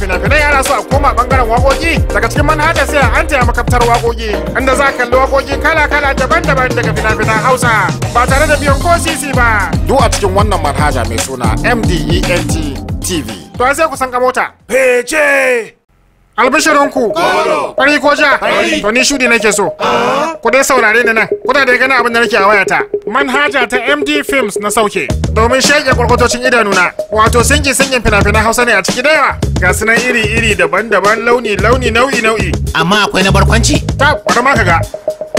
fina-finai ana so a koma bangaren wakoki daga cikin manhaja sai an taya makaftar wakoki inda za kalli wakoki kala-kala daban-daban daga fina-finan hausa ba tare da biyan ko sisi ba duk a cikin wannan manhaja mai suna mdent tv to sai ku san ka mota albishirinku fari ko ja to ni shudi nake so ku dai saurare ni nan kuna da gani abin da nake a wayata manhaja ta MD Films na sauke domin shege idanu idanuna wato singin singin fina-finan Hausa ne a ciki dayawa? ga sunan iri-iri daban-daban launi-launi nau'i-nau'i amma akwai na barkwanci ta bari ma kaga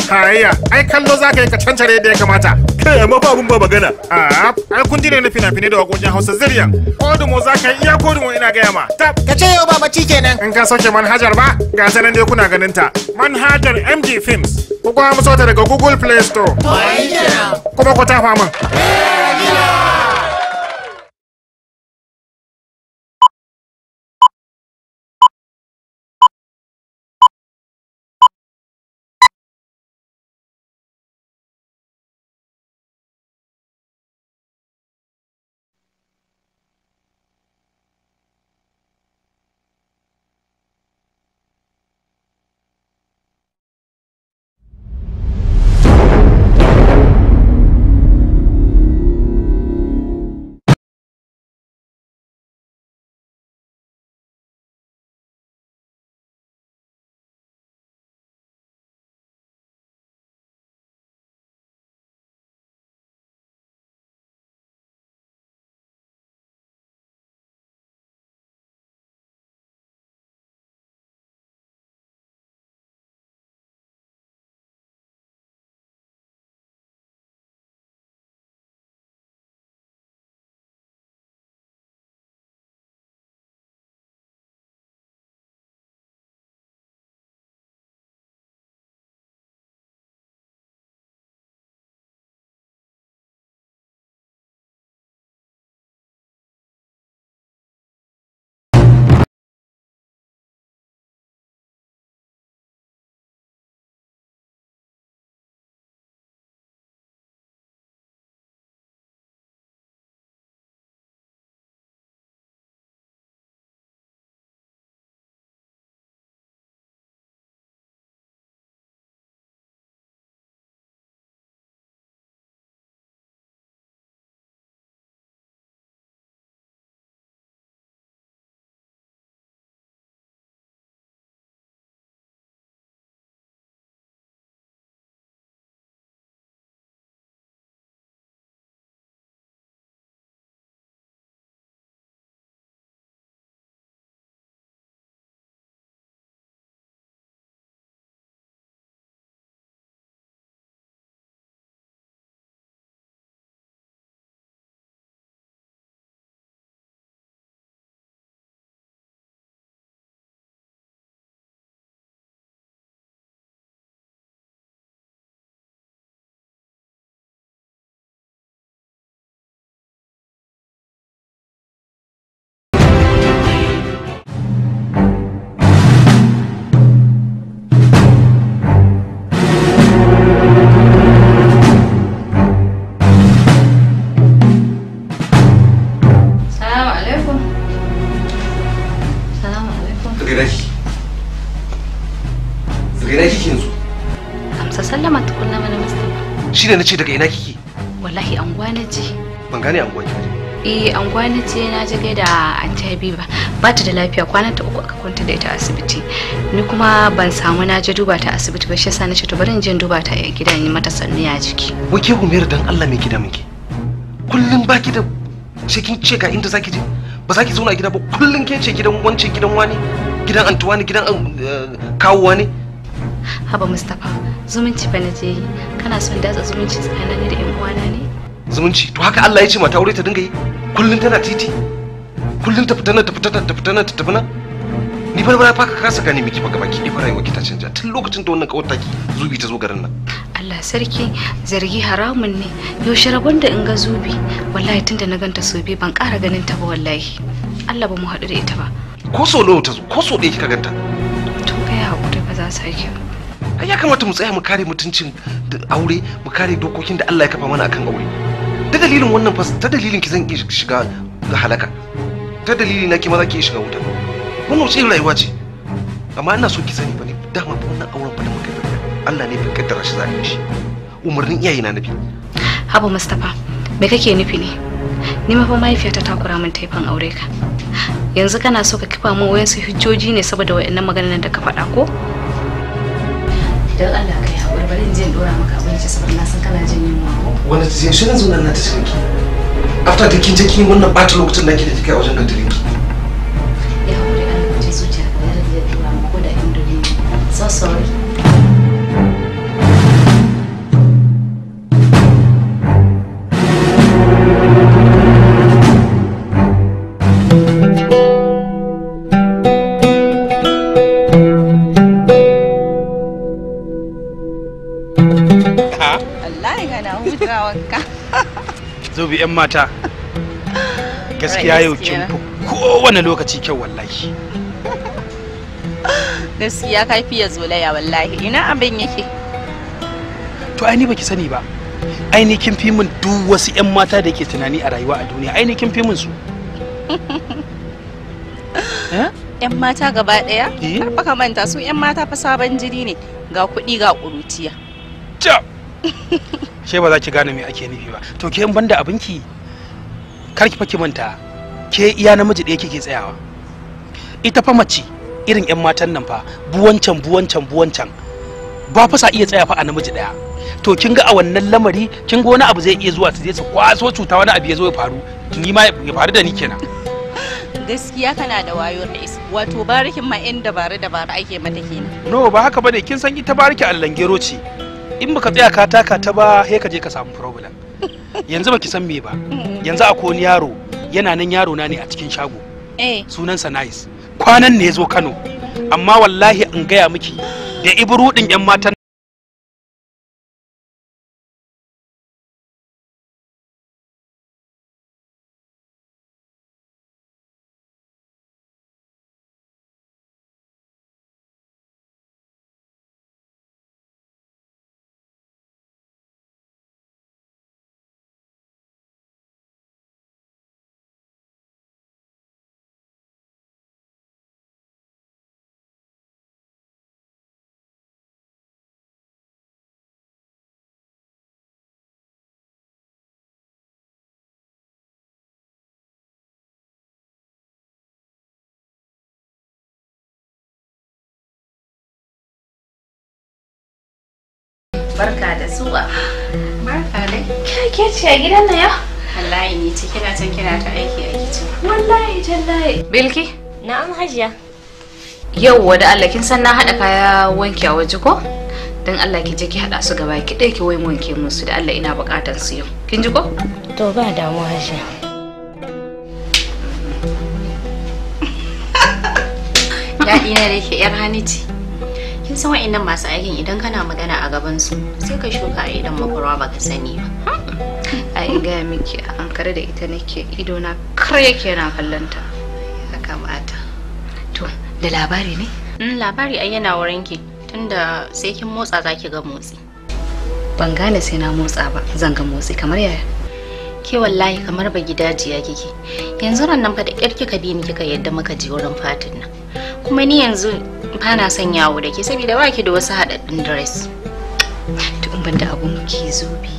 tarayya ai kallo za ka yi ka cancare da ya kamata kai amma ba abun ba magana a ah, ai kun ne na fina-finai da wakokin hausa ziryan kodumo za ka yi iya kodumo ina gaya ma ta ka ce yau ba bacci kenan in ka sauke manhajar ba ga sanan dai kuna ganin ta manhajar MD films ku kuma daga google play store 过不过嘉年华吗？ne na ce daga ina kike wallahi anguwa na je ban gane anguwa kike eh anguwa na je na je gaida anti habiba ba ta da lafiya kwanan ta uku aka kwanta da ita asibiti ni kuma ban samu na je duba ta asibiti ba shi yasa na ce to bari in je duba ta a gidan ni mata sannu ya jiki wake umar dan Allah mai gida miki kullum ki da cikin ce ga inda zaki je ba zaki zauna na gida ba kullum ke ce gidan wance gidan wani gidan antuwa ne gidan eh, kawowa ne haba mustapha zumunci ba na je yi kana son datsa zumunci tsakanin da yan uwana ne zumunci to haka Allah ya ce mata aure ta dinga yi kullun tana titi kullun ta fita nan ta fita nan ta fita nan ta tafi nan ni fa ba fa ka kasa gane miki baka baki ni fa rayuwa ki ta canja tun lokacin da wannan kawar taki zubi ta zo garin nan Allah sarki zargi haramun ne yaushe rabon da in ga zubi wallahi tunda na ganta sobe ban kara ganin ta ba wallahi Allah ba mu haɗu da ita ba ko so nawa ta zo ko so ɗaya kika ganta to kai hakuri ba za sake. haƙi ai ya kamata mu tsaya mu kare mutuncin aure mu kare dokokin da Allah ya kafa mana akan aure ta dalilin wannan fas ta dalilin ki zan iya shiga ga halaka ta dalilin na ki ma za ki iya shiga wuta wannan wuce rayuwa ce amma ina so ki sani ba ne dama ba wannan auren ba da muka yi Allah ne bai kaddara shi zai shi umarnin iyaye na nabi Abu Mustapha me kake nufi ne ni ma fa mahaifiyata ta kura min taifan aure ka yanzu kana so ka kifa min wayansu hujjoji ne saboda wayannan maganar da ka faɗa ko dan Allah kai haƙuri bari in je in dora maka ci saboda na san kana jin yunwa wanda ta yaushe na zo nan ta cikin ki after da kin je kin wannan ɓata lokacin da kike kai a wajen kantirin ki ya haƙuri Allah ce zuciya ka yarda da dora maka da indomi so sorry hutawarka zo bi yan mata gaskiya yau kin fi kowane lokaci kyau wallahi gaskiya ka fiye zolaya wallahi ina abin yake to aini baki sani ba aini ni kin fi min duk wasu yan mata da ke tunani a rayuwa a duniya aini kin fi min su eh? yan mata gaba daya har eh? baka manta su yan mata fa sabon jini ne ga kuɗi ga ƙuruciya she ba za ki gane me ake nufi ba to ke in banda abinki kar ki faki manta ke iya namiji da kike tsayawa ita fa mace irin yan matan nan fa buwancan buwancan buwancan ba fa sa iya tsaya fa a namiji daya to kin ga a wannan lamari kin ga wani abu zai iya zuwa su je su kwaso cuta wani abu ya zo ya faru ni ma ya faru da ni kenan gaskiya kana da wayo da isa wato barikin ma in dabare dabare ake mata kenan no ba haka bane kin san ita bariki allangero ce in baka tsaya ka taka ta ba sai ka je ka samu problem yanzu baki san me ba yanzu a wani yaro yana nan yaro na ne a cikin shago eh. sunansa nice kwanan ne ya zo kano amma wallahi in gaya miki da iburu din yan matan barka da zuwa barka dai ke ce a gidan na yau wallahi ni ce kina can kina ta aiki a kicin wallahi tallahi bilki na'am hajiya yau da Allah kin san na hada kaya wanki a waje ko dan Allah ki je ki hada su gaba ki dai ki wai wanke musu da Allah ina bukatar su yau kin ji ko to ba damuwa hajiya Ya na da ke yar hani ce kin san wa'annan masu aikin idan kana magana a gaban su sai ka shuka a idan makwarwa baka sani ba hmm. a in gaya miki a ankara da ita nake ido na kar yake yana kallon ta ya kamata to da labari ne hmm, labari ai yana wurin ki tunda sai kin motsa zaki ga motsi ban gane sai na motsa ba zan ga motsi kamar yaya ke wallahi kamar ba gidajiya kike yanzu ran nan fa da kirki ka bi ni kika yadda muka je wurin fatin nan kuma ni yanzu ba na son yawo da ke saboda ba ki da wasu haɗaɗɗun dress tun ban da abun ki zubi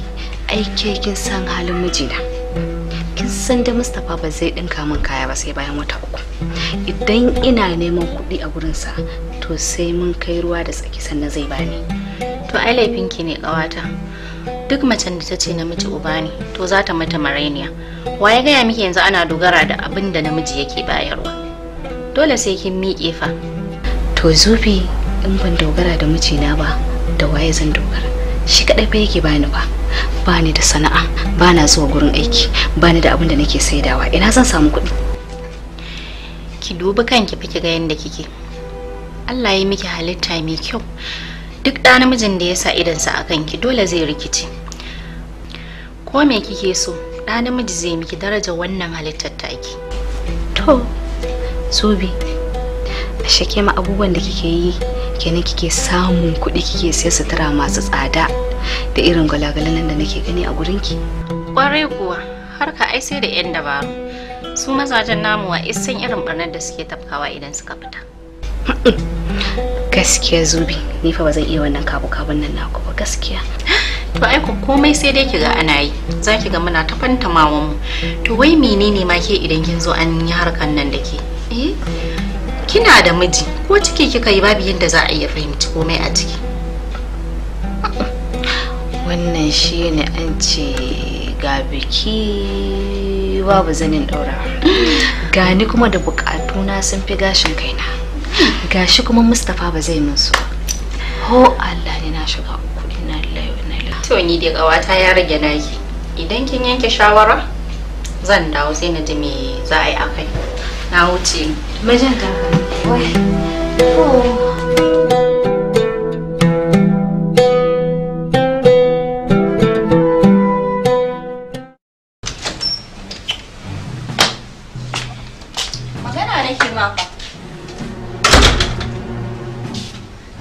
ai ke kin san halin mijina kin san da mustapha ba zai ɗinka min kaya ba sai bayan wata uku idan ina neman kuɗi a gurinsa to sai mun kai ruwa da tsaki sannan zai bani to ai laifinki ne kawata duk macen da ta ce namiji uba ne to za ta mata marainiya wa ya gaya miki yanzu ana dogara da abin da namiji yake bayarwa dole sai kin miƙe fa to zubi in ban dogara da mijina ba da waye zan dogara shi kadai fa yake bani ba bani da sana'a bana zuwa gurin aiki bani da abin da nake saidawa ina zan samu kuɗi ki dubi kanki fa ga yanda kike Allah ya miki halitta mai kyau duk ɗa namijin da ya sa idansa a kanki dole zai rikice ko me kike so ɗa namiji zai miki daraja wannan halittar taki to Sobi, a shake ma abubuwan da kike yi kenan kike samun kuɗi kike siya sutura masu tsada da irin gwalagwalan da nake gani a gurinki. Kwarai kuwa, harka ai sai da 'yan dabaru. Su mazajen namu wa isan irin barnar da suke tafkawa idan suka fita. Gaskiya Zubi, ni fa ba zan iya wannan kabu-kabun nan naku ba gaskiya. to ai ku komai sai dai kiga ana yi za ki ga muna ta fantamawan mu to wai menene ma ke idan kin zo an yi harkan nan da ke Eh? kina da miji ko ciki kika yi babu yadda za a iya fahimci komai a ciki wannan shi ne an ce ga biki babu zanin ɗaura gani kuma da bukatuna sun fi gashin kaina gashi kuma mustapha ba zai min so ho allah ne na shiga uku na to ni da gawata ya rage naki idan kin yanke shawara zan dawo sai na ji me za a yi akai na wuce mijin ta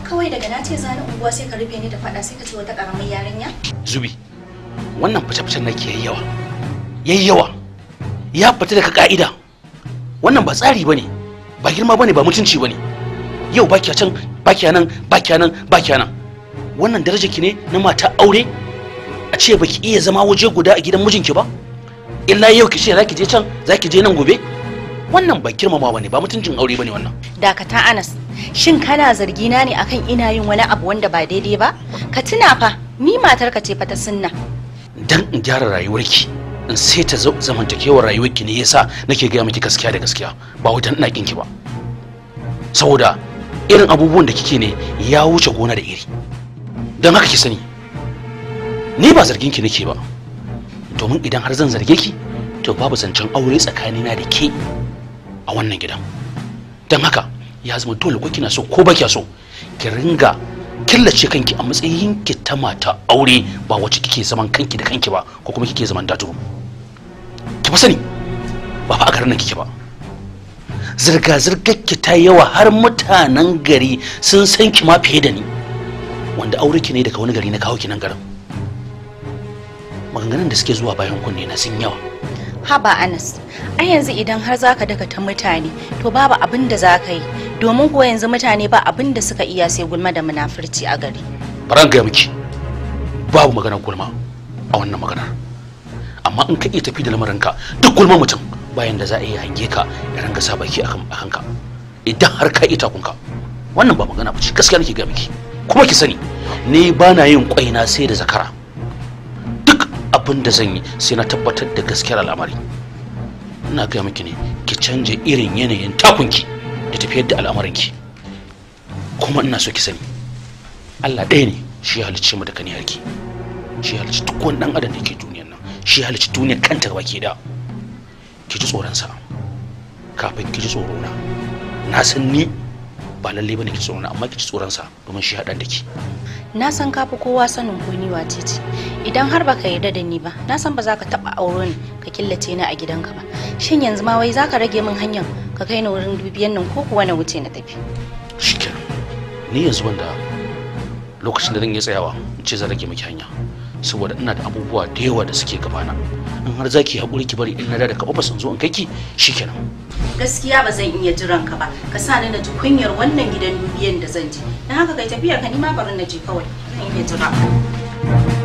kawai daga na ce zani unguwa sai ka rufe ni da faɗa sai ka ce wata karamin yarinya zubi wannan fice-ficen nake yayi yawa yayi yawa ya fita daga ka'ida wannan ba tsari bane ba girma bane ba mutunci bane yau ba a can ba kya nan ba kya nan ba kya nan wannan daraja ki ne na mata aure a ce baki iya zama waje guda a gidan mijinki ba illa yau ki ce zaki je can zaki je nan gobe wannan ba girmama bane ba mutuncin aure bane wannan dakata Anas shin kana zargi na ne akan ina yin wani abu wanda ba daidai ba ka tuna fa ni matarka ce fa ta sunna dan in gyara rayuwarki in sai ta zamantakewar rayuwar ki ne yasa nake gaya miki gaskiya da gaskiya ba wutan ina ki ba saboda irin abubuwan da kike ne ya wuce gona da iri don haka ki sani ni ba zargin ki nake ba domin idan har zan zarge ki to babu zancen aure tsakanina da ke a wannan gidan don haka ya zama dole ko kina so ko ba kya so ki ringa killace kanki a matsayin ki ta mata aure ba wacce kike zaman kanki da kanki ba ko kuma kike zaman datu ki fa sani ba fa a garin kike ba zirga zirgar ki ta yawa har mutanen gari sun san ki ma fiye da ni wanda aure ki ne daga wani gari na kawo ki nan garin maganganun da suke zuwa bayan kunne na sun yawa haba anas a yanzu idan har zaka daga ta mutane to babu abin da zaka yi domin kuwa yanzu mutane ba abin da suka iya sai gulma da munafurci a gari baran gaya miki babu maganar gulma a wannan maganar amma in ka iya tafi da ka duk gulma mutum bayan da za a iya hange ka ya ranga sa baki kanka idan har ka iya takunka wannan ba magana bace gaskiya nake ga miki kuma ki sani ni ba na yin kwaina sai da zakara duk abin da zan yi sai na tabbatar da gaskiyar al'amari ina ga miki ne ki canje irin yanayin takunki da tafiyar da ki kuma ina so ki sani Allah ɗaya ne shi ya halicce mu da kani harki shi ya halicci duk wani ɗan adam da ke duniyar nan shi ya halicci duniyar kanta gaba ke da ki ji tsoron sa kafin ki ji tsoro na na san ni ba lalle bane ki tsoron amma ki tsoron sa domin shi hadan dake na san ka fi kowa sanin ko ni wace ce idan har baka yarda da ni ba na san ba za ka taba aure ni ka killace ni a gidanka ba shin yanzu ma wai za ka rage min hanyar ka kai ni wurin dubiyan nan ko kuwa na wuce na tafi shikenan ni yanzu wanda lokacin da zan yi tsayawa in ce zan rage miki hanya saboda ina da abubuwa da yawa da suke gabana in har zaki haƙuri ki bari in na da ka ofis in zo in kai ki shikenan gaskiya ba zan iya jiran ka ba ka sa ni na ji kunyar wannan gidan dubiyan da zan ji dan haka kai tafiya ka nima barin na je kawai zan iya jira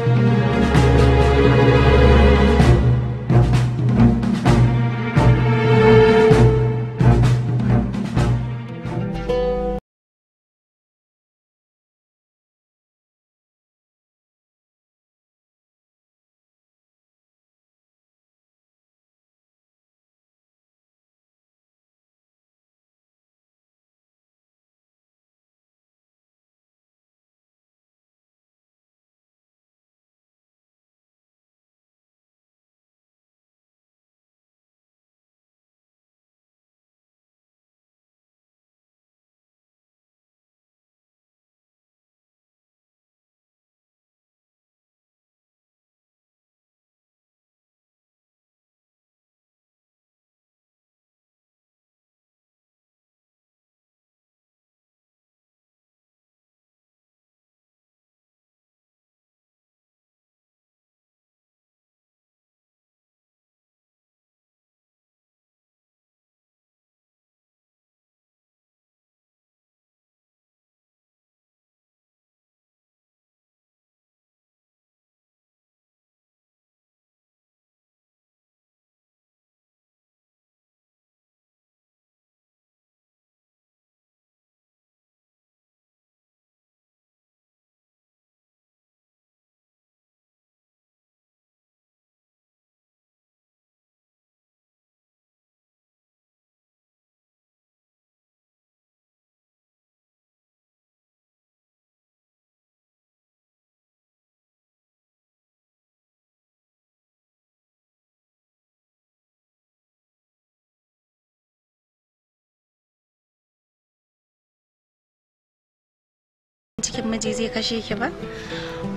cikin miji zai kashe ki ba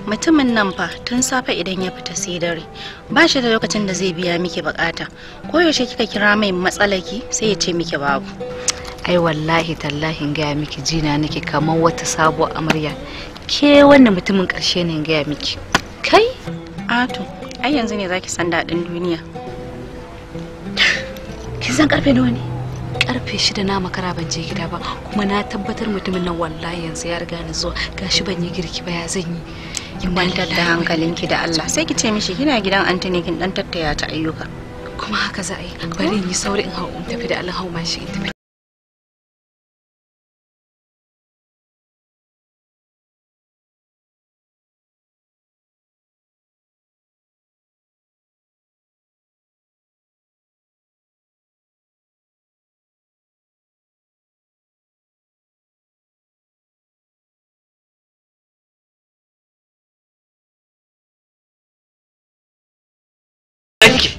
mutumin nan fa tun safe idan ya fita sai dare ba shi da lokacin da zai biya miki bukata koyaushe kika kira mai matsalaki sai ya ce miki babu ai wallahi tallahi gaya miki jina nake kamar wata sabuwar amarya ke wannan mutumin karshe ne gaya miki kai ato ai yanzu ne zaki san daɗin duniya kin san karfe nawa ne karfe shida na makara ban je gida ba kuma na tabbatar mutumin nan wallahi yanzu ya riga ni zuwa gashi ban yi girki ba ya zan yi in kwantar da hankalinki da Allah sai ki ce mishi kina gidan Anthony kin dan tattaya ta ayyuka kuma haka za a yi bari in yi sauri in hau in tafi da Allah hau mashi in tafi Thank you.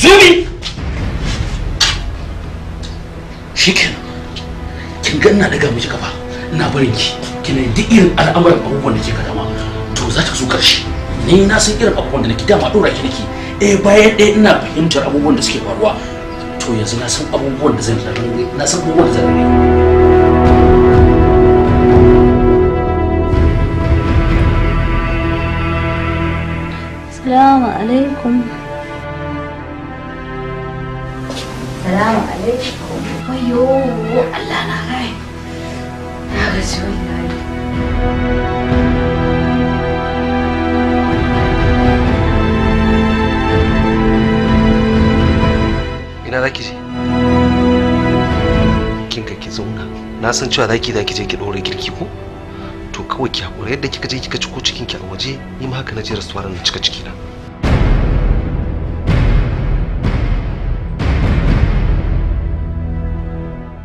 Siri! Shikenan, kin ga ina daga miki kafa, ina barin ki, kina duk irin al'amuran abubuwan da ke ka dama, to za ta zo karshe Ni na san irin abubuwan da nake dama ɗora ki nake, eh bayan ɗaya ina fahimtar abubuwan da suke faruwa, to yanzu na san abubuwan da zan na san abubuwan da zan yi. Assalamu alaikum. Salamu alaikum. Wayo Allah na gai. Na gaji wallahi. Ina za ki je? Kin ka ki zauna. Na san cewa za ki za ki je ki ɗora girki ko? To kawai ki haƙura yadda kika je kika ciko cikin ki a waje ni ma haka na je restaurant na cika ciki na.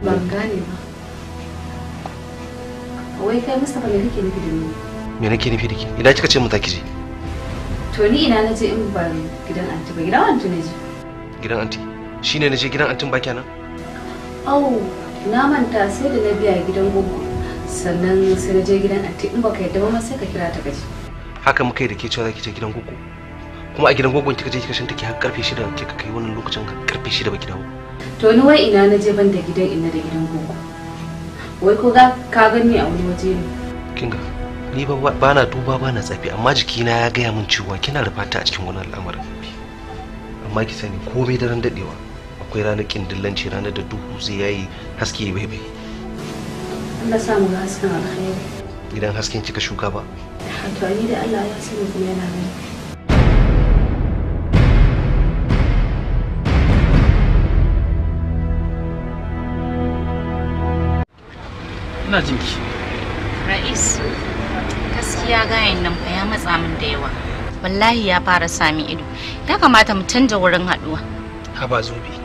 Ban gane ba. Wai kai Mustapha me kake nufi da ni? Me nake nufi da ke? Idan kika ce mu ta kije. To ni ina na je in ba gidan anti ba gidan anti ne je. Gidan anti? Shine na je gidan antin ba kenan? Au, na manta sai da na biya gidan gogo. Sannan sai na je gidan anti in baka yadda ba sai ka kira ta kaje. Haka muka yi da ke cewa za ki je gidan gogo. kuma a gidan gogon kika je kika shanta ki har karfe shida kika kai wannan lokacin karfe shida ba ki dawo. to ni wai ina na je ban da gidan ina da gidan koko wai ko ka gani a wani waje ne kinga ni ba na duba ba na tsafi amma jikina ya gaya min cewa kina da fata a cikin wani al'amarin amma ki sani komai daren dadewa akwai ranar kindillanci ranar da duhu zai yayi haske bai bai Allah sa mu hasken alkhairi idan hasken kika shuka ba to ni da Allah ya sani kuma yana gani ina jin ki ra'is gaskiya gayan nan fa ya matsa min da yawa wallahi ya fara sami ido ya kamata mu canja wurin haduwa haba zobe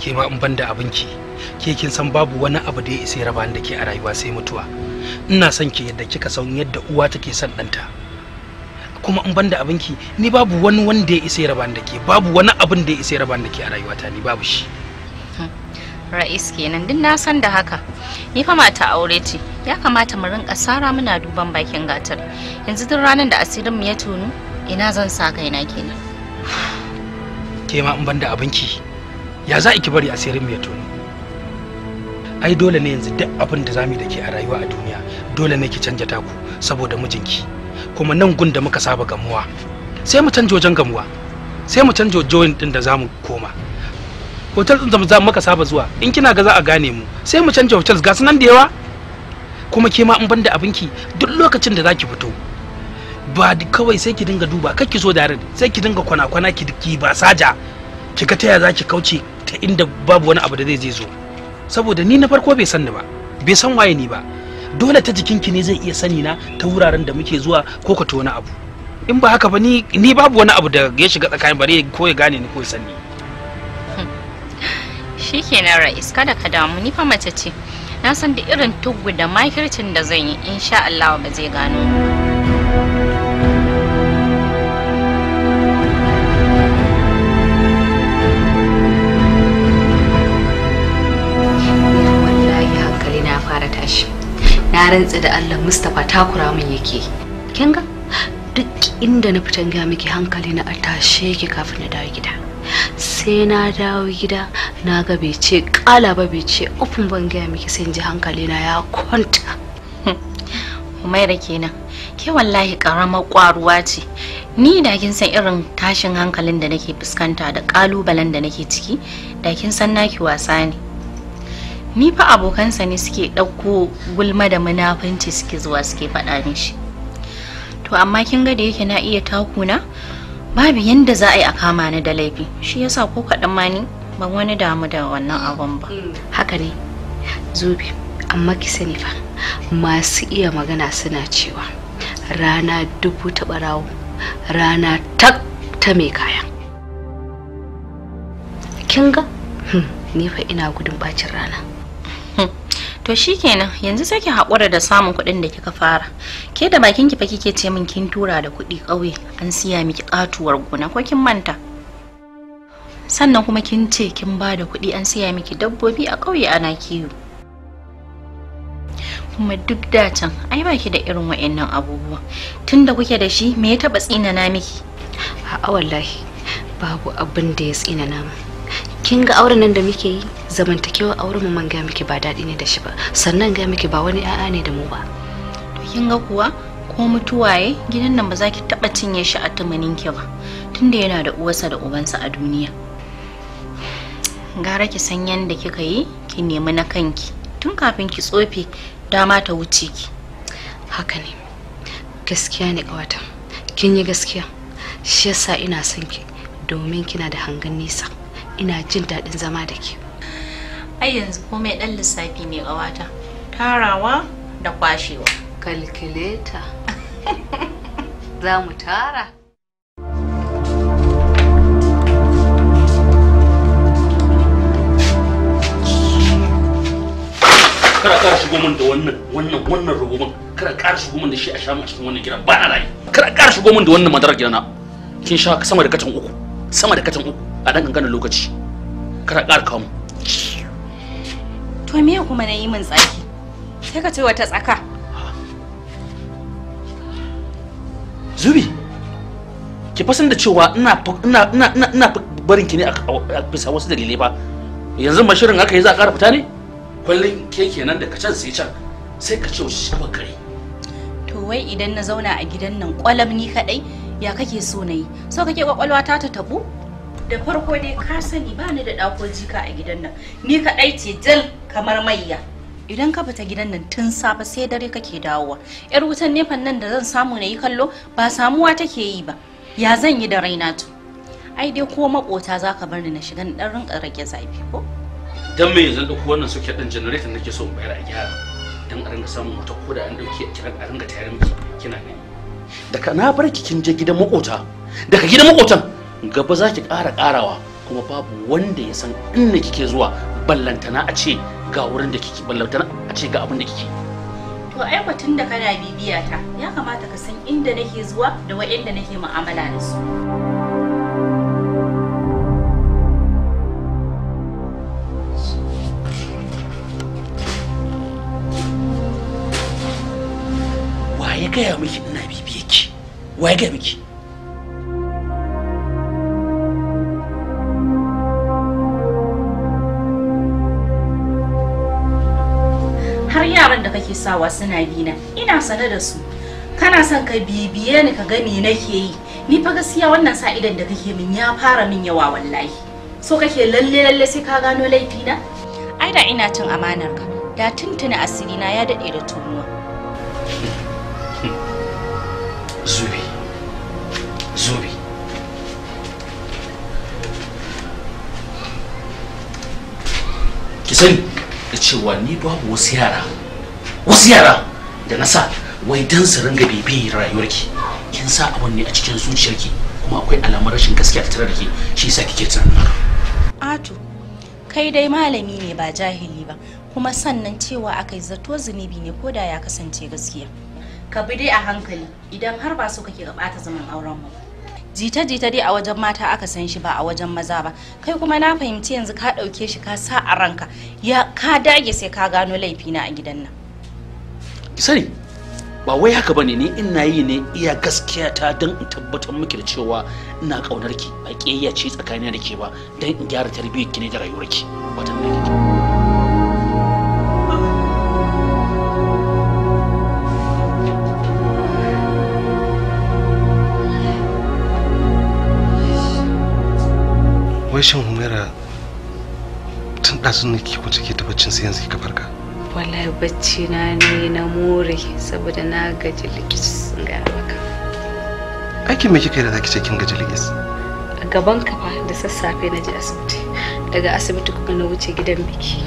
ke ma in ban da abinki ke kin san babu wani abu da ya isa raba da ke a rayuwa sai mutuwa ina son ki yadda kika san yadda uwa take son ɗanta kuma in ban da abinki ni babu wani wanda ya isa raba da ke babu wani abin da ya isa raba da ke a rayuwata ni babu shi ra'is kenan duk na san da haka ni fa mata aure ce ya kamata mu rinka sara muna duban bakin gatar yanzu duk ranar da asirin mu ya tunu ina zan sa kaina kenan ke ma in banda abinki ya za ki bari asirin mu ya tunu ai dole ne yanzu duk abin da zamu da ke a rayuwa a duniya dole ne ki canja taku saboda mijinki kuma nan gun da muka saba gamuwa sai mu canjo wajen gamuwa sai mu canjo joyin din da zamu koma hotel din da muka saba zuwa in kina ga za a gane mu sai mu canja hotels ga nan da yawa kuma ke ma in banda abinki duk lokacin da zaki fito ba kawai sai ki dinga duba kar ki zo da sai ki dinga kwana-kwana ki ba saja ki ga taya zaki kauce ta inda babu wani abu da zai zai zo saboda ni na farko bai san ni ba bai san waye ni ba dole ta jikin ki ne zai iya sani na ta wuraren da muke zuwa ko ka wani abu in ba haka ba ni babu wani abu da ya shiga tsakanin bare ko ya gane ni ko ya sani shikenan ra'is kada ka damu ni fa mace ce na san da irin tuggu da makircin da zan yi insha Allah ba zai gano na fara rantsa da Allah Mustapha takura min yake kin ga duk inda na fitan ga miki hankali na a tashe yake kafin na dawo gida sai na dawo gida na ga bai ce kala ba bai ce ofin ban gaya miki sai ji hankali na ya kwanta da kenan ke wallahi karamar kwaruwa ce ni da kin san irin tashin hankalin da nake fuskanta da kalubalen da nake ciki da kin san naki wasa ne ni fa abokansa ne suke ɗauko gulma da munafanci suke zuwa suke faɗa shi to amma kin ga da yake na iya takuna babu yanda za a yi a kama ni da laifi shi yasa ko kaɗan ma ni ban wani damu da wannan abun ba mm. haka ne zubi amma ki sani fa masu iya magana suna cewa rana dubu ta ɓarawo rana ta ta mai kaya kin ga hmm, ni fa ina gudun bacin rana to kenan yanzu sai ki haƙura da samun kuɗin da kika fara ke da bakin ki fa kike ce min kin tura da kuɗi ƙauye an siya miki katuwar gona ko kin manta sannan kuma kin ce kin ba da kuɗi an siya miki dabbobi a ƙauye ana kiwo kuma duk da can ai ba ki da irin wa'annan abubuwa tun da kuke da shi me ya taɓa tsinana miki a'a wallahi babu abin da ya tsinana min kin ga auren nan da muke yi zamantakewa auren mu man ga miki ba daɗi ne da shi ba sannan ga miki ba wani 'ya'ya ne da mu ba to kin ga kuwa ko mutuwaye gidan nan ba za ki taɓa cinye shi a tumanin ki ba tunda yana da uwarsa da ubansa a duniya gara ki san yadda kika yi ki nemi na kanki tun kafin ki tsofe dama ta wuce ki haka ne gaskiya ne kawata kin yi gaskiya shi yasa ina son ki domin kina da hangen nisa ina jin daɗin zama da ke ai yanzu komai ɗan lissafi ne ƙawata tarawa da kwashewa kalkuleta za mu tara kada ƙara shigo min da wannan wannan wannan rugumin kada ƙara shigo min da shi a sha a cikin wannan gidan ba na rayu kada ƙara shigo min da wannan madarar gidana kin sha sama da katan uku sama da katan uku a ɗan ƙanƙanin lokaci kada ƙara mu. to me kuma na yi min tsaki sai ka ce wata tsaka zubi ki fasan da cewa ina ina ina ina barin ki ne a bisa wasu dalilai ba yanzu mashirin aka yi za a ƙara fita ne kullum ke kenan daga can sai can sai ka ce shi ba kare to wai idan na zauna a gidan nan kwalam ni kadai ya kake so na yi so kake kwakwalwa ta ta tabu da farko dai ka sani ba ni da ɗako jika a gidan nan ni kaɗai ce jal kamar mayya idan ka fita gidan nan tun safe sai dare kake dawowa yar wutan nefan nan da zan samu na yi kallo ba samuwa take yi ba ya zan yi da raina to ai dai ko makota za ka bar ni na shiga dan rinka rage zafi ko dan me zan dauko wannan soket din generator nake so in bayar a gyara dan a rinka samun wata ko da an dauke kiran a rinka tayar miki kina ne. daga na bar kin je gidan makota daga gidan makotan gaba za ki ƙara ƙarawa kuma babu wanda ya san inda kike zuwa ballantana a ce ga wurin da kike ballantana a ce ga abin da kike to ai batun da kana bibiya ta ya kamata ka san inda nake zuwa da wa'inda nake mu'amala da su wa ya gaya miki ina bibiye ki wa ya gaya miki kake sawa suna bina ina sane da su kana son ka bibiye ni ka gani nake yi ni fa gaskiya wannan sa idan da kake min ya fara min yawa wallahi so kake lalle lalle sai ka gano laifi na ai da ina cin amanar ka da tuntuna asiri na ya dade da tunuwa zubi zubi ki sani da cewa ni babu wasu yara wasu yara da na sa wai dan su ringa bibiyar rayuwarki kin sa abun ne a cikin zuciyarki kuma akwai alamar rashin gaskiya tattare da ke shi yasa kike tunanin ato kai dai malami ne ba jahili ba kuma sannan cewa aka yi zato zunubi ne ko da ya kasance gaskiya ka bi dai a hankali idan har ba so kake gabata zaman auren mu jita-jita dai a wajen mata aka san shi ba a wajen maza ba kai kuma na fahimci yanzu ka ɗauke shi ka sa a ranka ya ka dage sai ka gano laifi na a gidan nan ki sani ba wai haka bane ni ina yi ne iya gaskiya ta don in tabbatar miki da cewa ina kaunar ki ba kiyayya ce tsakanin da ke ba don in gyara tarbiyyar ki ne da rayuwar ki watan da kike wai shan humaira tun ɗazu ne ke kwance ke tabbacin sai yanzu farka wallahi bacci na ne na more saboda na gaji likis ga maka aikin me kika yi da zaki ce kin gaji likis a gaban kafa da sassafe na je asibiti daga asibiti kuma na wuce gidan biki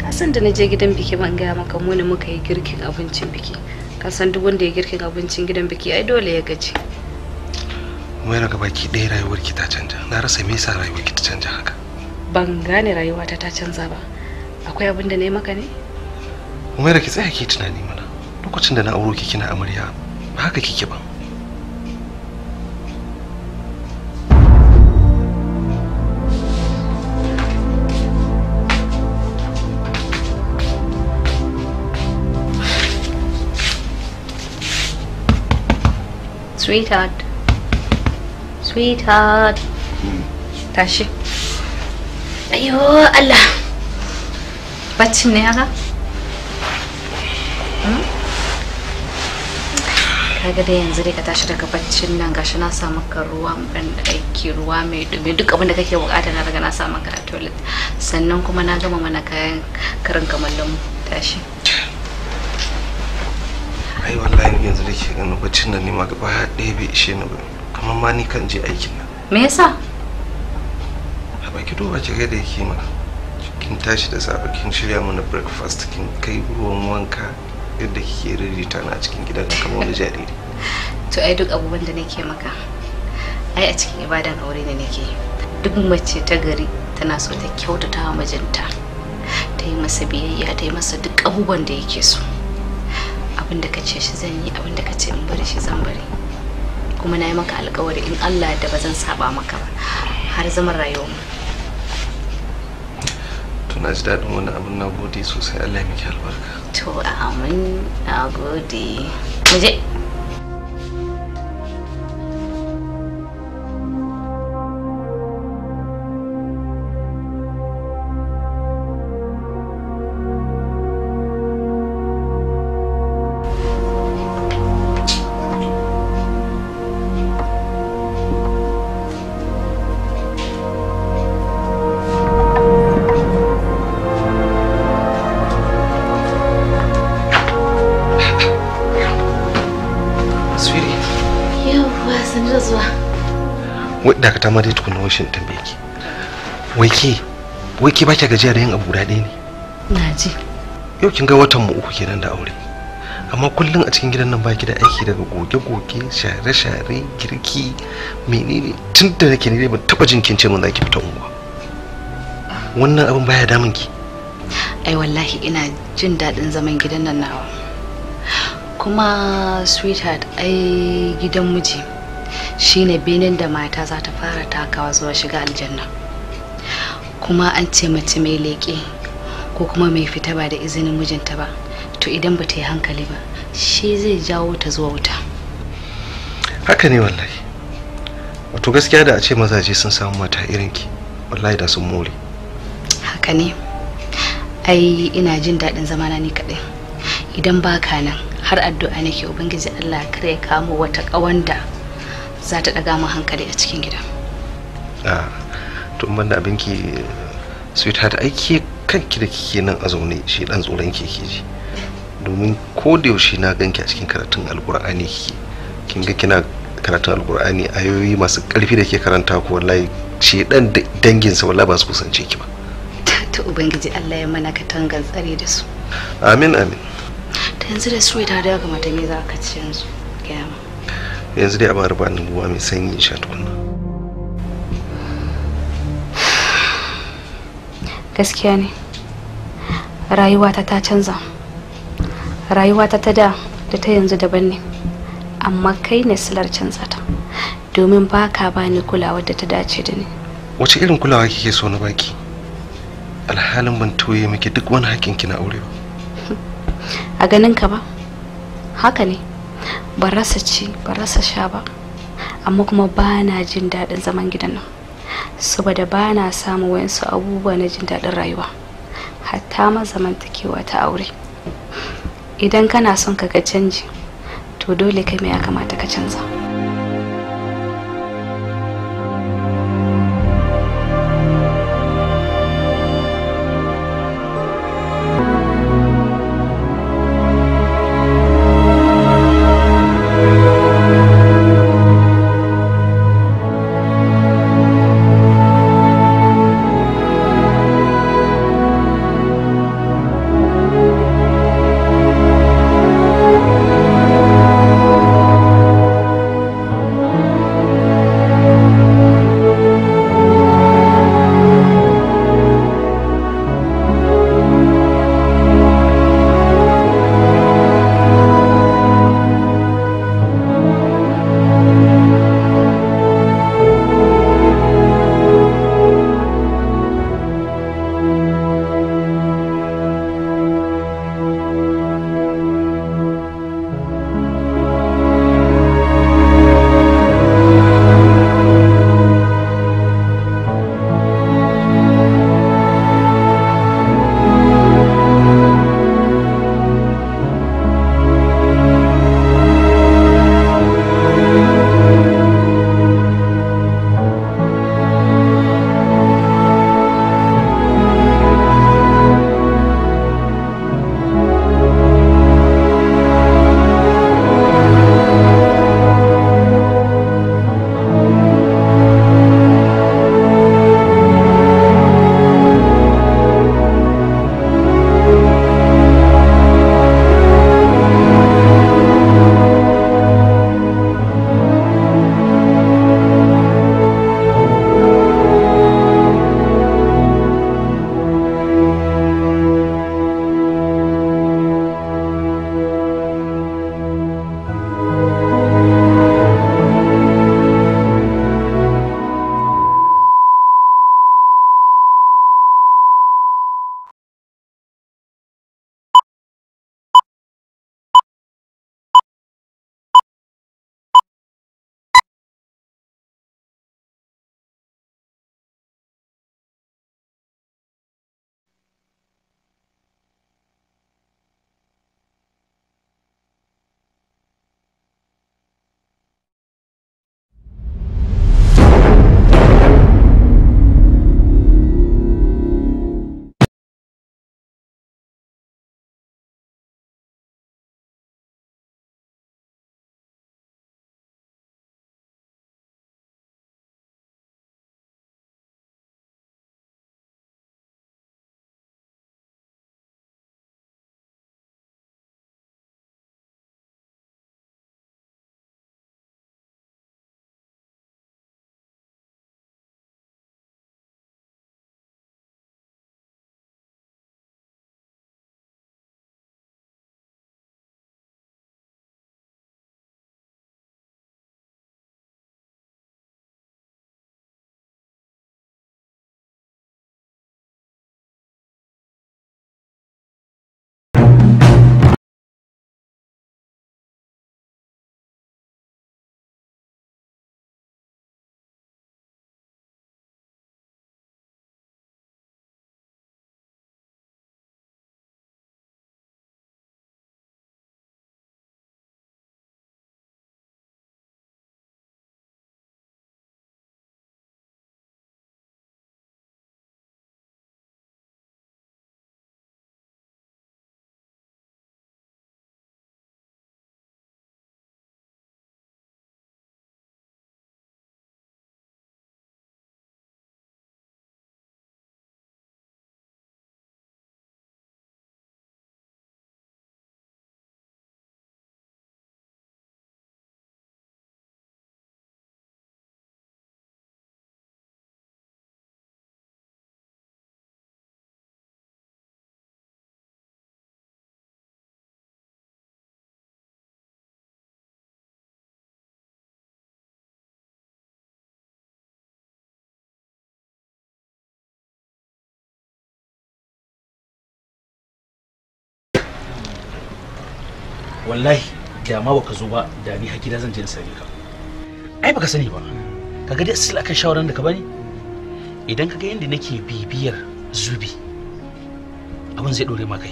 kasan da na je gidan biki ban gaya maka mu ne muka yi girkin abincin biki kasan duk wanda ya girkin abincin gidan biki ai dole ya gaji mai daga baki ɗaya rayuwar ki ta canja na rasa me yasa rayuwar ki ta canja haka ban gane rayuwata ta canza ba akwai abin da na yi maka ne umaira ki tsaya ki tunani mana lokacin da na auro ki kina amarya ba haka kike ba Sweetheart. Sweetheart. Tashi. Ayo Allah. Bacin ne haka? kaga da yanzu dai ka tashi daga baccin nan gashi na sa ka ruwa ban aiki ruwa mai dumi duk abin da kake bukata na riga na sa ka a toilet sannan kuma na gama mana kayan karin kamallon mu tashi ai wallahi yanzu da ke ganin baccin nan ne ma gaba ya ɗaya bai ishe ni ba kamar ma ni kan je aiki na me yasa a baki duba ki ga da yake mana kin tashi da safe kin shirya mana breakfast kin kai ruwan wanka yadda kike ririta na a cikin gidan kamar wani jariri to ai duk abubuwan da nake maka ai a cikin ibadan aure ne nake duk mace ta gari tana so ta kyautata wa mijinta ta yi masa biyayya ta yi masa duk abubuwan da yake so abin da ka ce shi zan yi abin da ka ce in bari shi zan bari kuma na yi maka alkawari in Allah da ba zan saba maka ba har zaman rayuwa tuna ji daɗin wani abun na gode sosai Allah ya miki albarka to amin agodi muje dakata ma dai tukunna washin tambaye ki wai ke wai ke gajiya da yin abu guda ɗaya ne na ji yau kin ga watan mu uku kenan da aure amma kullum a cikin gidan nan baki da aiki daga goge-goge share-share girki menene tun da nake ne ban taba jin kin ce mun zaki fita unguwa wannan abin baya damun ki ai wallahi ina jin daɗin zaman gidan nan nawa kuma sweetheart ai gidan miji shine binin da mata za ta fara takawa zuwa shiga aljanna kuma an ce mace mai leƙe ko kuma mai fita ba da izinin mijinta ba to idan ba ta yi hankali ba shi zai jawo ta zuwa wuta haka ne wallahi wato gaskiya da a ce mazaje sun samu mata irinki wallahi da sun more haka ne ai ina jin daɗin zamana ni kaɗai idan baka nan har addu'a nake ubangiji allah kar ka kamo wata ƙawanda za ta ɗaga mu hankali a cikin gida a ah, to ban da abinki sweetheart aiki kanki da kike nan a zaune shi dan tsoron ke ke ji domin ko da yaushe na ganki a cikin karatun alkur'ani kike kin ga kina karatun alkur'ani ayoyi masu ƙarfi da ke karanta ko wallahi ce dan dangin sa wallahi ba su kusance ki ba ta ubangiji Allah ya mana ka tangan tsare da su amin amin ta yanzu da sweetheart da kamata me za ka ci yanzu gaya yanzu dai a ba nan ruwa mai sanyi sha tukuna. gaskiya ne rayuwata ta canza rayuwata ta da da ta yanzu daban ne amma kai ne silar canza ta domin ba ka ba ni kulawar da ta dace da ni wace irin kulawa kike so na baki alhalin ban toye miki duk wani hakkin ki na aure ba a ganin ka ba haka ne ba rasa ci ba rasa sha ba amma kuma ba na jin daɗin zaman gidan nan saboda ba na samun wayansu abubuwa na jin daɗin rayuwa hatta ma zamantakewa ta aure idan kana son ka ga canji to dole kai ma ya kamata ka canza. wallahi da ma baka zo ba da ni hakida zan je in sare ka ai baka sani ba kaga dai asali akan shawaran da ka bani idan kaga yadda nake bibiyar zubi abin zai dore ma kai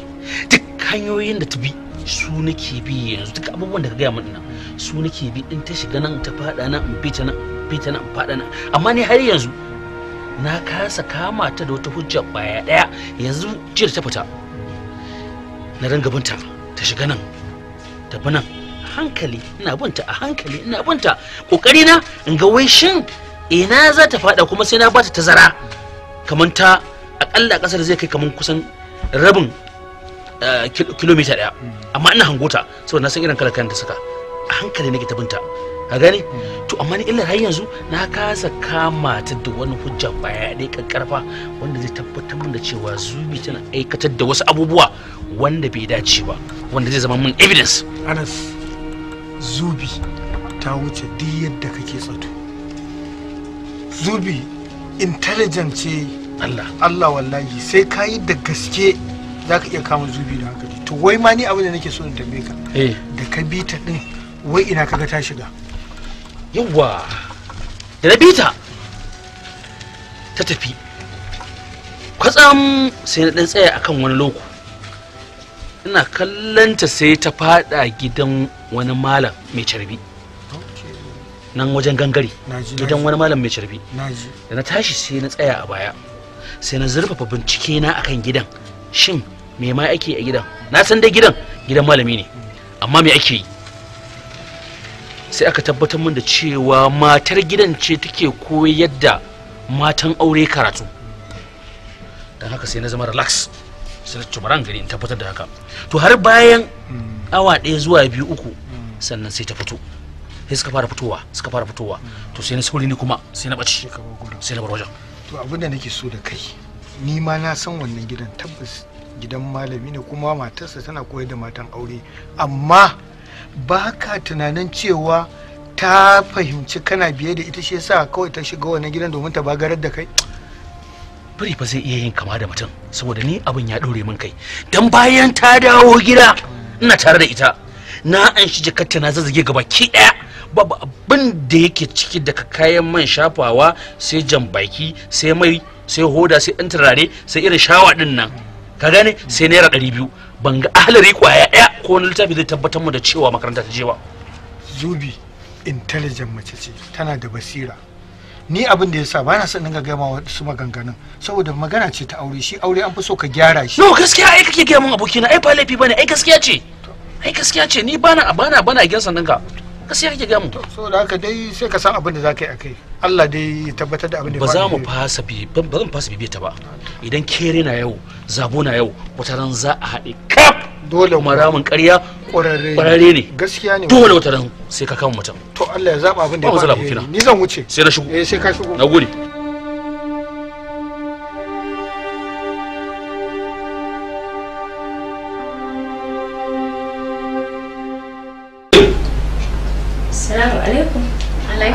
duk hanyoyin da ta bi su nake bi yanzu duk abubuwan da ka gaya min nan su nake bi in ta shiga nan ta fada nan in fita nan fita nan fada nan amma ni har yanzu na kasa kama ta da wata hujja baya daya yanzu jiya ta fita na ranga binta ta shiga nan tafi nan hankali ina binta a hankali ina binta kokari na in ga wai shin ina za ta fada kuma sai na ba ta tazara kamar ta akalla kasar zai kai kamar kusan rabin eh, kilomita daya hmm. amma ina hangota saboda na san irin kala kayan da suka a hankali nake ta binta ka gani hmm. amma ni illar har yanzu na kasa kama ta da wani hujja baya ɗaya kakkarfa wanda zai tabbatar min da cewa zubi tana aikatar da wasu abubuwa wanda bai dace ba wanda zai zama min evidence anas zubi ta wuce duk yadda kake tsato zubi intelligent ce Allah Allah wallahi sai ka yi da gaske za ka iya kama zubi da haka to wai ma ni abin da nake so in tambaye ka eh. da ka bi ta din wai ina kaga ta shiga yawwa da na bita ta tafi kwatsam sai na ɗan tsaya akan wani loko ina kallanta sai ta fada gidan wani malam mai carbi nan wajen gangare gidan wani malam mai carbi da na tashi sai na tsaya a baya sai na zurfafa bincike na akan gidan shin me ma ake a gidan na san dai gidan gidan malami ne hmm. amma me ake yi sai aka tabbatar min da cewa matar gidan ce take koyar da matan aure karatu don haka sai na zama relax sai tumaran gari in tabbatar da haka to har bayan awa ɗaya zuwa biyu uku sannan sai ta fito sai suka fara fitowa suka fara fitowa to sai na sauri ni kuma sai na ɓaci sai na bar wajen to abin da nake so da kai ni ma na san wannan gidan tabbas gidan malami ne kuma matarsa tana koyar da matan aure amma ba ka tunanin cewa ta fahimci kana biye da ita shi yasa kawai ta shiga wannan gidan domin ta bagarar da kai biri ba zai iya yin kama da mutum saboda ni abin ya ɗore min kai dan bayan ta dawo gida ina tare da ita na an shi jakarta na zazzage gaba ki ɗaya babu abin da yake ciki daga kayan man shafawa sai jan baki sai mai sai hoda sai ɗan turare sai irin shawa ɗin nan ka gane sai naira ɗari biyu ban ga ahalari kwaya ɗaya ko wani littafi zai tabbatar mu da cewa makaranta ta je ba zubi intelligent mace ce tana da basira ni abin da yasa ba na son dinga wa su maganganun saboda magana ce ta aure shi aure an fi so ka gyara shi no gaskiya ai kake gaya min abokina ai ba laifi bane ai gaskiya ce ai gaskiya ce ni bana bana bana gyan dinga gaskiya kake gamu so da haka dai sai ka san abin da zaka yi akai Allah dai ya tabbatar da abin da ba za mu fasa bi ban ban fasa bi ta ba idan kere na yau zabo na yau wata ran za a haɗe kaf dole kuma ramin ƙarya ƙwararre ne gaskiya ne dole wata ran sai ka kama mutum to Allah ya zaba abin da ya ba ni zan wuce sai na shigo eh sai ka shigo nagode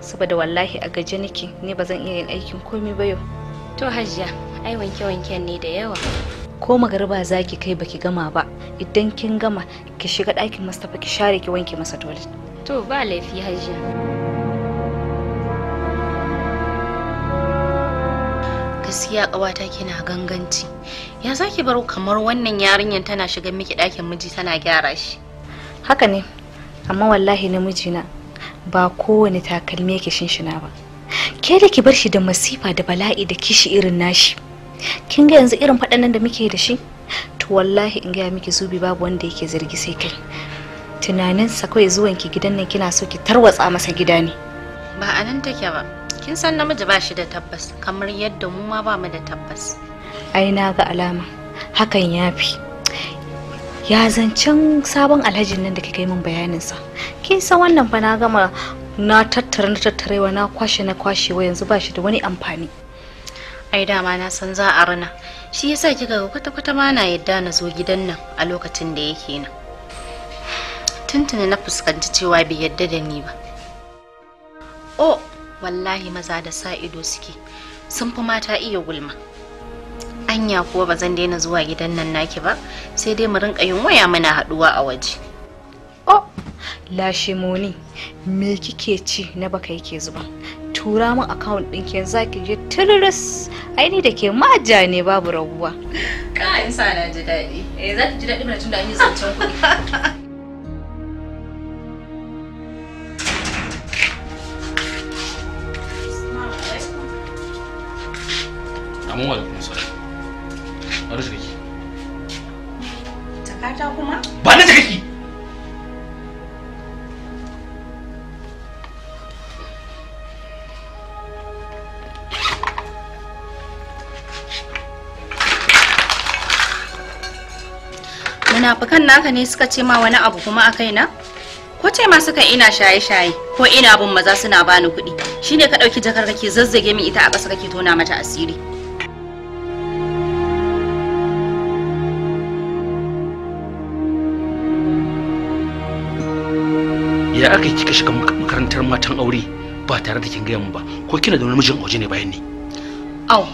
saboda wallahi a gaje nake ni ba zan iya yin aikin komai ba yau to hajiya ai wanke wanken ne da yawa ko magarba za ki kai baki gama ba idan kin gama ki shiga ɗakin mustapha ki share ki wanke masa toilet to ba laifi hajiya gaskiya ƙawata kina ganganci ya ki baro kamar wannan yarinyar tana shiga miki ɗakin miji tana gyara shi haka ne amma wallahi na. ba kowane takalmi yake shinshina ba ke da ki bar shi da masifa da bala'i da kishi irin nashi kin ga yanzu irin faɗanan da muke da shi to wallahi in gaya miki zubi babu wanda yake zargi sai kai tunaninsa kawai zuwan ki gidan nan kina so ki tarwatsa masa gida ne ba anan take ba kin san namiji ba shi da tabbas kamar yadda mu ma ba mu da tabbas ai na ga alama hakan yafi ya zancen sabon alhajin nan da kika yi min sa kisa san wannan fa na gama na tattara na tattarewa na kwashe na kwashewa yanzu ba shi da wani amfani ai dama na san za a rana shi yasa kika ga kwata-kwata ma na yadda na zo gidan nan a lokacin da yake nan tuntuna na fuskanci cewa bai yadda da ni ba oh wallahi maza da sa ido suke sun fi mata iya gulma anya kuwa ba zan daina zuwa gidan nan naki ba sai dai mu rinka yin waya muna haduwa a waje oh lashe moni me kike ci na baka yake zuba tura min account din ke zaki je tiriris aini da ke maja ne babu raguwa ka insa na ji daɗi eh za ki ji daɗi mana tun da an yi zancen kuɗi Amor. bari shiga jakata kuma ba na shiga ki munafukan naka ne suka ce ma wani abu kuma a kaina? Ko ce ma suka ina shaye-shaye ko ina bin maza suna bani kuɗi shine ka ɗauki jakar kake zazzage min ita a ƙasa kake tona mata asiri. ya aka kika shiga makarantar matan aure ba tare da kin gaya min ba ko kina da namijin aure ne bayan ni au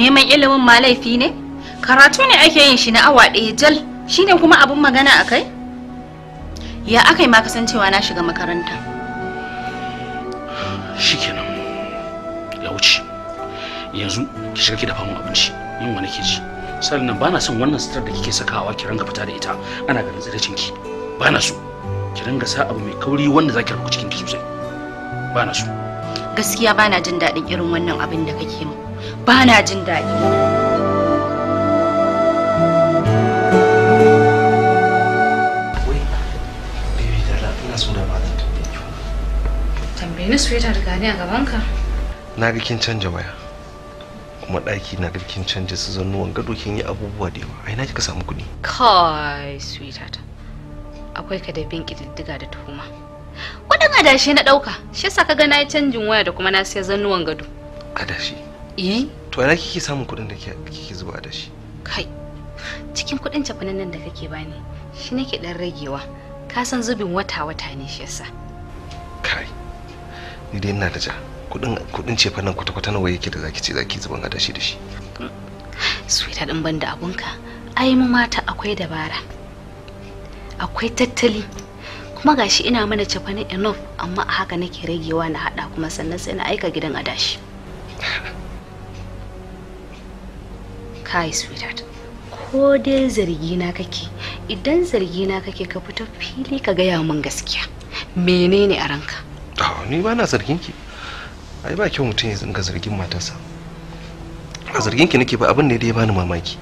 neman ilimin ma ne karatu ne ake yin shi na awa ɗaya jal shine kuma abun magana akai ya yi ma kasancewa na shiga makaranta shikenan ya wuce yanzu ki shiga ki dafa mun abinci yin wani ke ji sannan ba na son wannan sitar da kike sakawa ki ranga fita da ita ana ganin tsiracin ki ba na so ki ringa sa abu mai kauri wanda zaki rubuta cikin ki sosai ba na so gaskiya ba na jin daɗin irin wannan abin da kake mu ba na jin daɗi Tambayi Suweta da gani a gabanka? Na ga kin canja waya. kuma ɗaki na garkin canja su zannuwan gado kin yi abubuwa da yawa ai na kika samu kuɗi kai sweetheart akwai ka da bin ƙididdiga da tuhuma kuɗin adashi na ɗauka shi yasa kaga na yi canjin waya da kuma na siya zannuwan gado adashi eh to ina kike samun kuɗin da kike zuba adashi kai cikin kuɗin cafanin nan da kake bani shi nake ɗan ragewa ka san zubin wata wata ne shi yasa kai ni dai ina da ja kuɗin kuɗin cefanin kwata-kwata nawa yake da zaki ce zaki zuban adashi da shi sweetheart din banda abunka ai mu mata akwai dabara akwai tattali kuma gashi ina mana cefane enough amma a haka nake ragewa na hada kuma sannan sai na aika gidan adashi kai sweetheart ko dai zargi na kake idan zargi na kake ka fito fili ka gaya min gaskiya menene a ranka ni ba na zargin ki ai ba kyau mutum ya zinga zargin matarsa a zargin ki nake ba abin da ya bani mamaki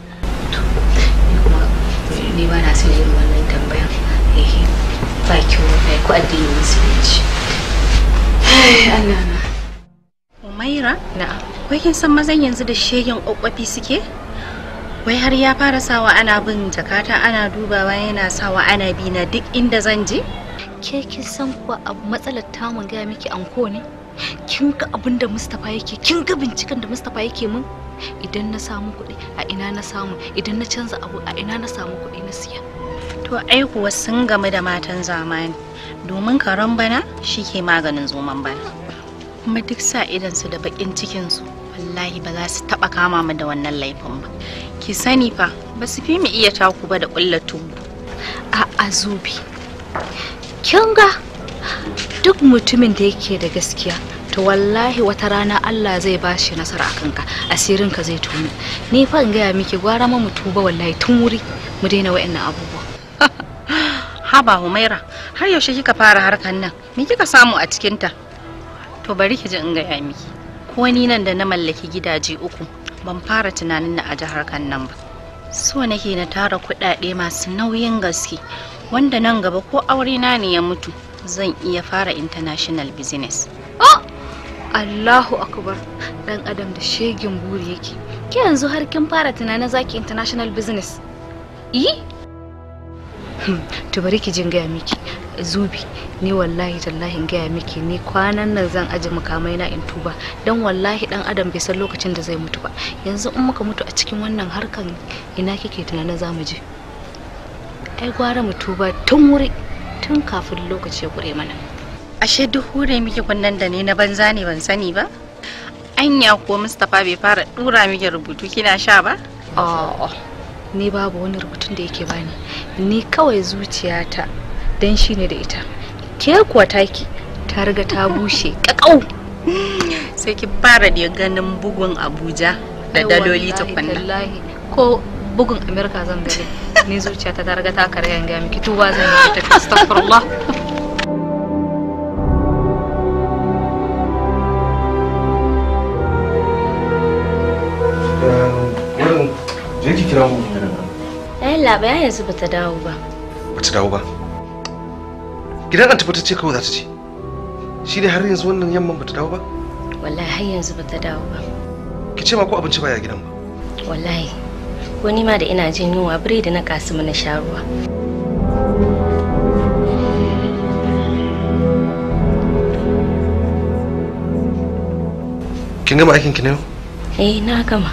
ni ba na son irin wannan tambayan ehe ba kyau kai ku addini musulunci Allah na Umaira na wai kin san mazan yanzu da shegen kokkofi suke wai har ya fara sawa ana bin jakata ana dubawa yana sawa ana bi na duk inda zan je ke kin san kuwa matsalar tamu gaya miki anko ne kin ga abin da Mustapha yake kin ga binciken da Mustapha yake min idan na samu kuɗi a ina na samu idan na canza abu a ina na samu kuɗi na siya to ai kuwa sun gamu da matan zamani domin karon bana shike maganin zoman bana kuma duk sa su da bakin cikin su wallahi ba za su taba kama mu da wannan laifin ba ki sani fa ba su fi mu iya taku ba da kullatu a'a azubi kin ga duk mutumin da yake da gaskiya to wallahi wata rana Allah zai bashi nasara akan ka asirin ka zai tuni ni fa in gaya miki gwara ma mutu ba wallahi tun wuri mu daina wa'annan abubuwa haba humaira har yaushe kika fara harkan nan me kika samu a cikin ta to bari ki ji in gaya miki ko ni nan da na mallaki gidaje uku ban fara tunanin na a jihar nan ba so nake na tara kuɗaɗe masu nauyin gaske wanda nan gaba ko aurena ne ya mutu zan iya fara international business oh! Allahu akbar dan adam da shegin buri yake ke yanzu har kin fara tunanin zaki international business yi hmm, to bari ki jin gaya miki zubi ni wallahi tallahi gaya miki ni kwanan nan zan aji mukamai na in tuba dan wallahi dan adam bai san lokacin da zai mutu ba yanzu in muka mutu a cikin wannan harkan ina kike tunanin za mu je ai gwara mu tuba tun wuri tun kafin lokaci ya kure mana ashe duk hure miki kunnen da ne na banza ne ban sani ba anya ko mustapha bai fara dura miki rubutu kina sha ba oh, ni babu wani rubutun da yake bani ni kawai zuciyata dan shine da ita ke kuwa taki ta riga ta bushe kakau sai ki fara da ganin bugun abuja da daloli ta kwanna ko bugun amerika zan gani ni zuciya ta riga ta karya ga miki tuba zan yi ta astaghfirullah eh, je ki kira mu eh ya yanzu bata dawo ba ta dawo ba gidan an tafi ta ce kawai za ta ce shi ne har yanzu wannan yamman bata dawo ba wallahi har yanzu bata dawo ba ki ce ma ko abinci baya gidan ba wallahi ko nima da ina jin yunwa da na kasu na sharuwa kin gama aikin ki ne eh na gama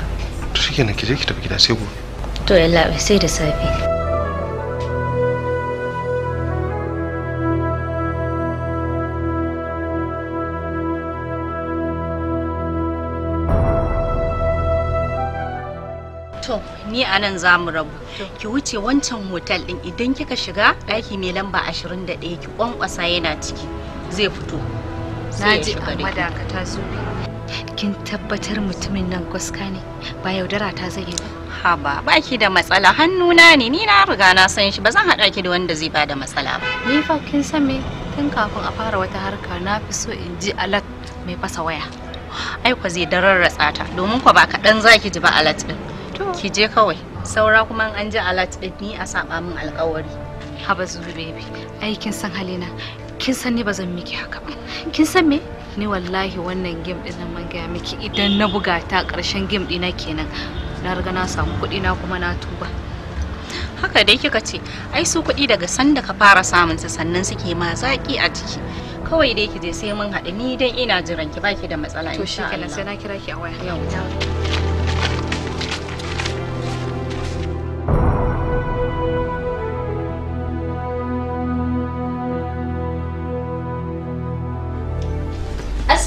to shikenan ki je ki tafi gida sai gobe to yalla sai da safe ni a nan za mu rabu ki wuce wancan hotel ɗin, idan kika shiga ɗaki mai lamba 21 ki kwankwasa yana ciki zai fito na ji amma ka kin tabbatar mutumin nan kwaska ne ba yaudara ta zai ba ha ba ki da matsala hannuna ne ni na riga na san shi ba zan haɗa ki da wanda zai bada matsala ba ni fa kin san me tun kafin a fara wata harka na fi so in ji alat mai fasa waya ai zai dararratsa ta domin kwa ba kaɗan zaki ji ba alat ɗin. ki je kawai saura kuma an ji alat din ni a saba min alkawari haba zuru baby ai kin san halina kin san ni ba miki haka ba kin san me ni wallahi wannan game din nan gaya miki idan na buga ta ƙarshen game dina kenan na riga na samu kuɗi na kuma na tuba haka dai kika ce ai su kuɗi daga sanda ka fara samun su sannan suke ma zaki a ciki. kawai dai kije, sai mun haɗu ni dan ina jiran ki baki da matsala to shikenan sai na kira ki a waya yau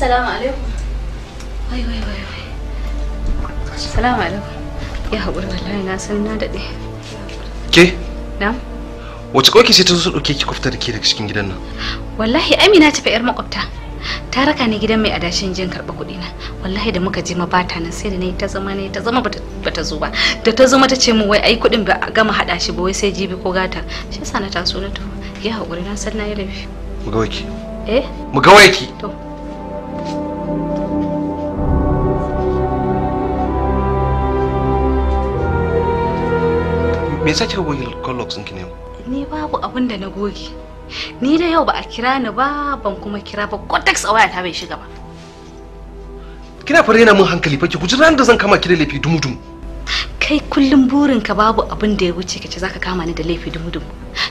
السلام عليكم Wai wai wai wai. Assalamu Ke? Wace sai ta zo ki da daga cikin gidan nan? Wallahi Amina ta fa 'yar makwabta. Ta raka ni gidan mai adashin jin karɓa kuɗi na. Wallahi da muka je ma bata nan sai da ta zama ne ta zama bata zo ba. Da ta zo mata ce min wai ai kuɗin ba gama haɗa shi ba wai sai jibi ko gata. Shi na san na Mu ga waki. Eh? me sa kika goge collox ɗinki ne ni babu abin da na goge ni da yau ba a kira ni ba ban kuma kira ba cortex a ta bai shiga ba kina fara yana min hankali fa ki guji ranar da zan kama ki da laifi dumu dumu kai kullum burin ka babu abin da ya wuce kace zaka kama ni da laifi dumu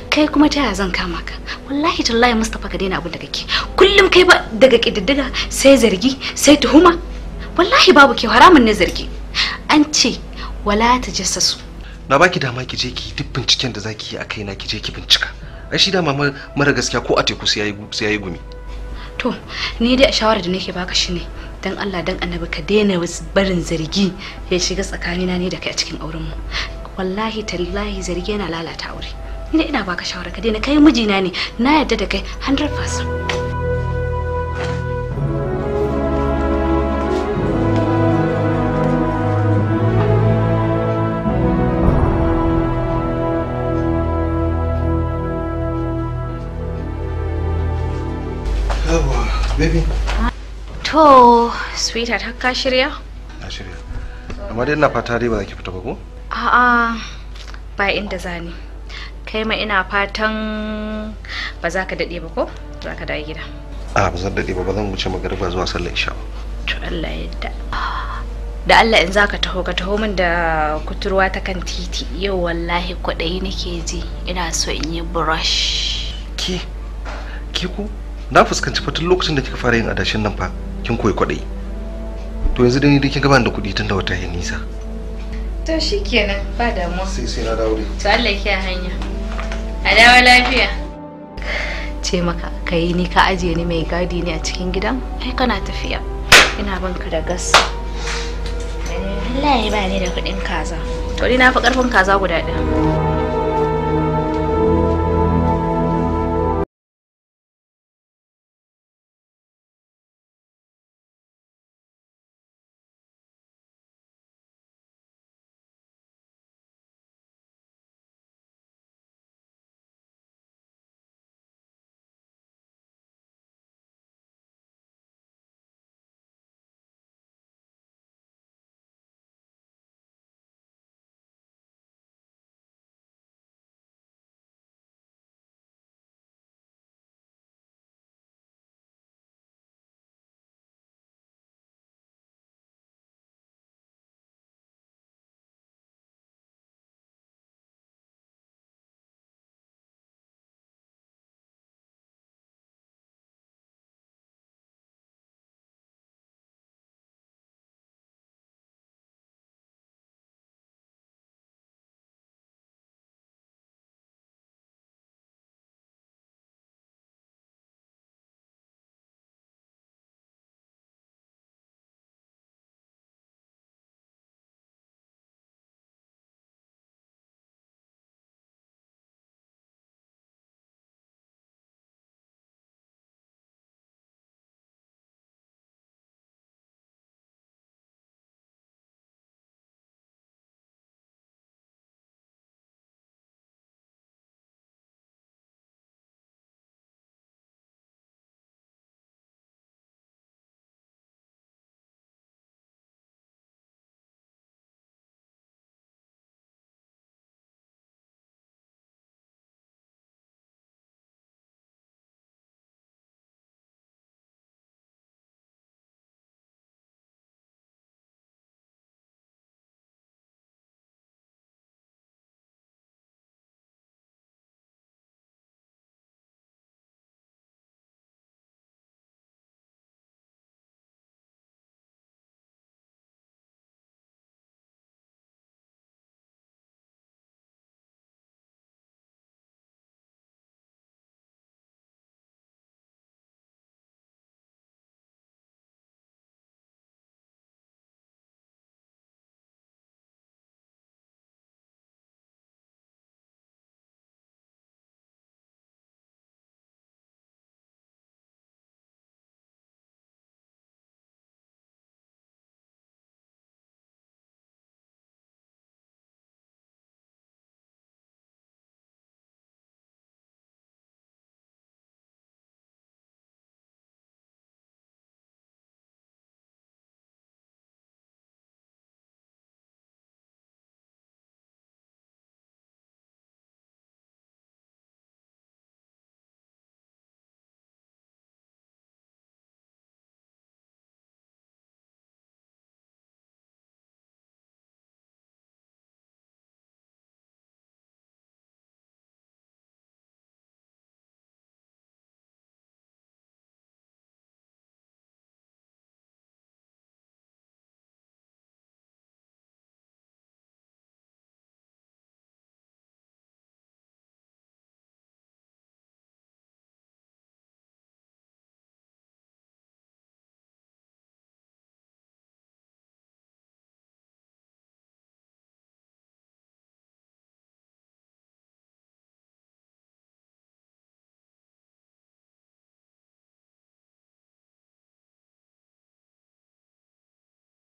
kai kuma ta yaya zan kama ka wallahi tallahi mustafa ka daina abin da kake kullum kai ba daga kididdiga sai zargi sai tuhuma wallahi babu ke haramun ne zargi an ce wala ta jassasu na baki dama ki je ki duk binciken da zaki yi a kaina ki je ki bincika ai shi dama mara gaskiya ko a teku sai yayi gumi to ni dai a shawara da nake baka shine dan Allah dan annabi ka daina barin zargi ya shiga tsakanina ne da kai a cikin auren mu wallahi tallahi zargi yana lalata aure ni ina ina baka shawara ka daina kai mijina ne na yarda da kai 100% Baby. To, sweetheart, ta ka shirya? Na shirya. Amma dai ina fata dai ba za ki fita ba ko? A'a, ba inda zani. Kai ma ina fatan ba za ka daɗe ba ko? Za ka dawo gida. A'a, ba zan daɗe ba ba zan wuce magariba zuwa sallar isha ba. To Allah ya yarda. Da Allah in za ka taho ka taho min da kuturwa ta kan titi yau wallahi kwaɗayi nake ji ina so in yi brush. Ki? Ki ku? Na fuskanci fatan lokacin da kika fara yin adashin nan fa. kin koyi kwaɗayi to yanzu dai kin gaban da kuɗi tun da wata yin nisa to shikenan ba damuwa sai sai na dawo to Allah ke hanya a dawo lafiya ce maka kai ni ka aje ni mai gadi ne a cikin gidan kai kana tafiya ina banka da gas eh, Allah ya ba ni da kuɗin kaza to ni na fi ƙarfin kaza guda ɗaya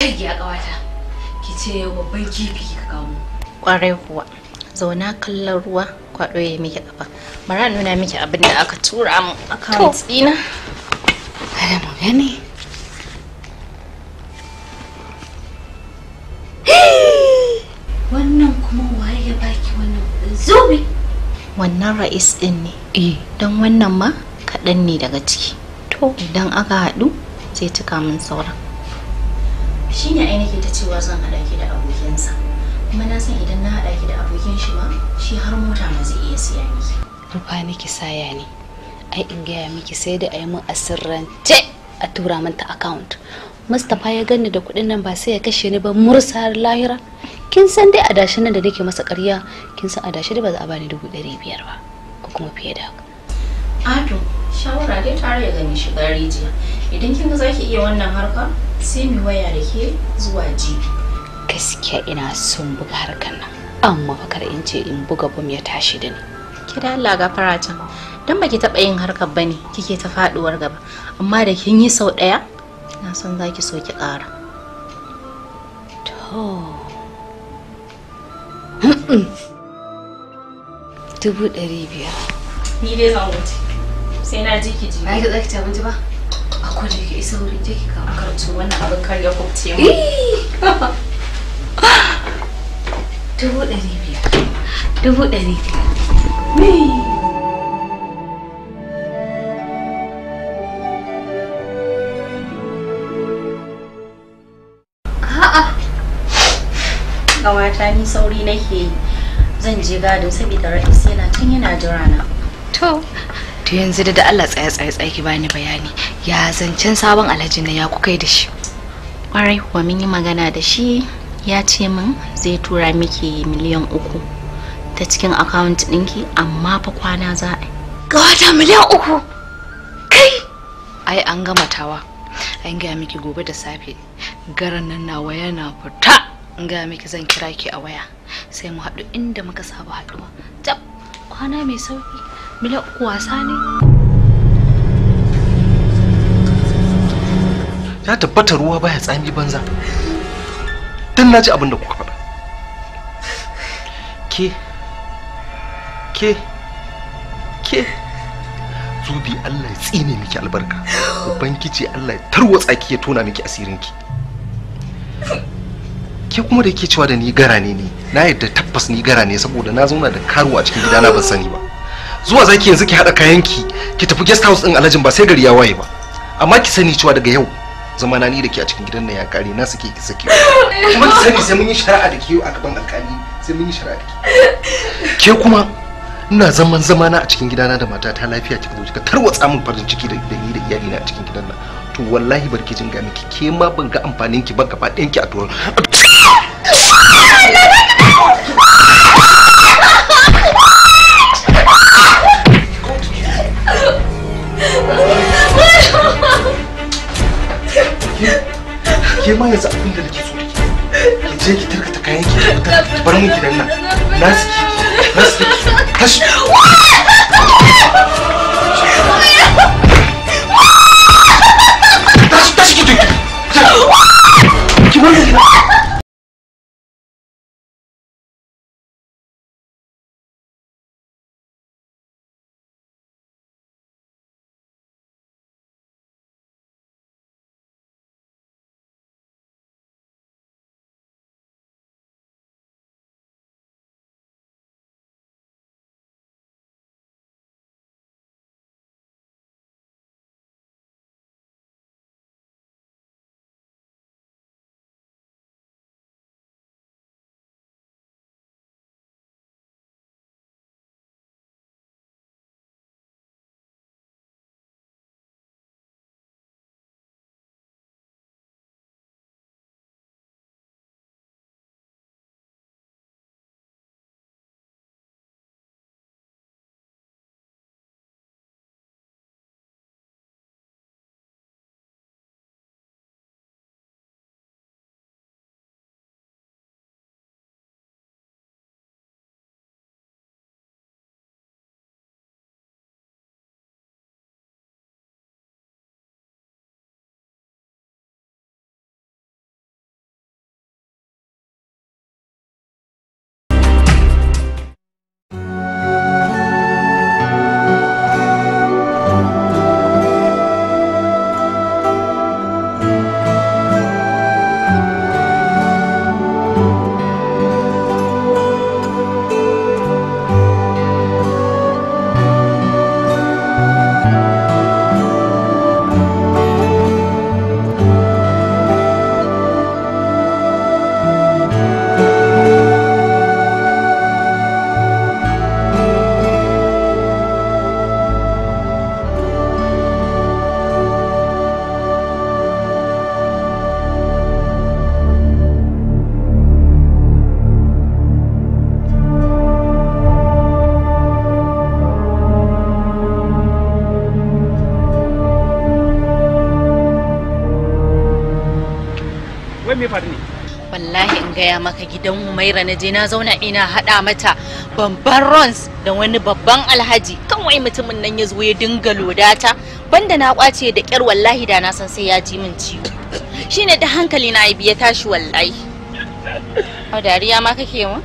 shege a ƙawata ki ce babban kifi ka kawo ƙwarai kuwa zauna kallon ruwa kwaɗo ya miki kafa mara nuna miki abin da aka tura mu akan tsina kada mu gani wannan kuma waye ya baki wannan zubi wannan ra'is din ne eh don wannan ma kaɗan ne daga ciki to idan aka haɗu sai cika min sauran shine ne ai nake ta cewa zan haɗa ki da abokinsa kuma na san idan na haɗa ki da abokin shi ma shi har mota ma zai iya siya miki rufa ki saya ne ai in gaya miki sai da ai mun asirrance a tura min ta account Mustapha ya gani da kuɗin nan ba sai ya kashe ni ba mursa lahira kin san dai adashin nan da nake masa ƙarya kin san adashi da ba za a bani dubu ɗari biyar ba ko kuma fiye da haka Ado shawara dai tare ya gani shiga rijiya idan kin ga zaki iya wannan harka sai mu waya da ke zuwa jibi gaskiya ina son buga harkar nan amma bakar in ce in buga bom ya tashi da ni Ki kira Allah gafara can dan baki taba yin harkar bane kike ta faduwar gaba amma da kin yi sau daya na san zaki so ki ƙara to dubu ɗari biyar ni dai zan wuce sai na ji ki ji ba ki tsaki ta ba a kwada ki isa wurin je ki karatu wannan abin kar ya kubce mu dubu ɗari biyar dubu ɗari biyar kawata ni sauri nake yi zan je gadin saboda ra'is yana can yana jirana. to to yanzu da Allah tsaya tsaya tsaya ki bani bayani ya zancen sabon alhaji na ya ku kai da shi kwarai wa mun yi magana da shi ya ce min zai tura miki miliyan uku ta cikin akawunt ɗinki amma fa kwana za a ga wata miliyan uku kai ai an gama tawa an gaya miki gobe da safe garan nan waya na fita an gaya miki zan kira ki a waya sai mu haɗu inda muka saba haɗuwa jab kwana mai sauki Mila wasa ne? Ya tabbata ruwa baya tsami banza. Dan na ji abin da kuka faɗa. Ke, ke, ke. Zubi Allah ya tsine miki albarka. Ubangiji Allah ya tarwatsa ki ya tona miki asirinki. Ke kuma da ke cewa da ni gara ne ne, na yadda tabbas ni gara ne saboda na zauna da karuwa a cikin gidana ban sani ba. zuwa zaki yanzu ki haɗa kayanki ki tafi guest house ɗin alhajin ba sai gari ya waye ba amma ki sani cewa daga yau zamana ni da ke a cikin gidan nan ya kare na suke ki saki kuma ki sani sai mun yi shari'a da ke a gaban alkali sai mun yi shari'a da ke ke kuma ina zaman zamana a cikin gidana da matata lafiya ki zo kika tarwatsa min farin ciki da ni da iyali na a cikin gidan nan to wallahi barki jin ga miki ke ma ban ga amfanin ki ban gaba ɗayan ki a turan ke ma yanzu abin da nake so ki je ki tarkata kayan ki bar mu gidan nan na siki na maka gidan Humaira na je na zauna ina hada mata babban rons da wani babban alhaji kawai mutumin nan ya zo ya dinga lodata banda na kwace da kyar wallahi da na san sai ya ji min ciwo shine da hankali na ya tashi wallahi a dariya ma kake mu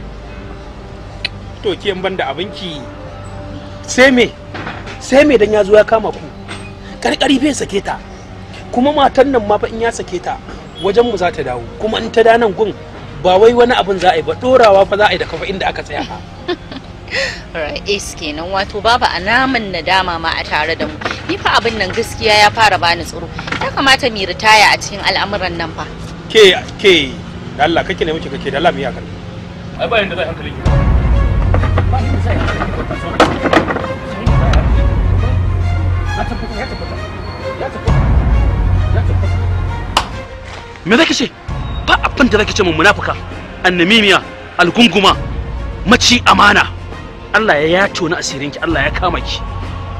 to ke banda abinki sai me sai me dan ya zo ya kama ku karkari bai sake ta kuma matan nan ma fa in ya sake ta wajen mu za ta dawo kuma in ta da nan gun ba wai wani abin za a yi ba dorawa fa za a yi da kafa inda aka tsaya fa Ra'is kenan wato babu na nadama ma a tare da mu. Ni fa abin nan gaskiya ya fara bani tsoro. Ya kamata mu ritaya a cikin al'amuran nan fa. Ke ke Allah kake ne muke kake da Allah mu yi hakan. Ai ba yanda zai hankali Ba yanda zai hankali. Me da kace? ita ki ce mun munafuka annamimiya algunguma maci amana Allah ya yato na asirinki Allah ya kama ki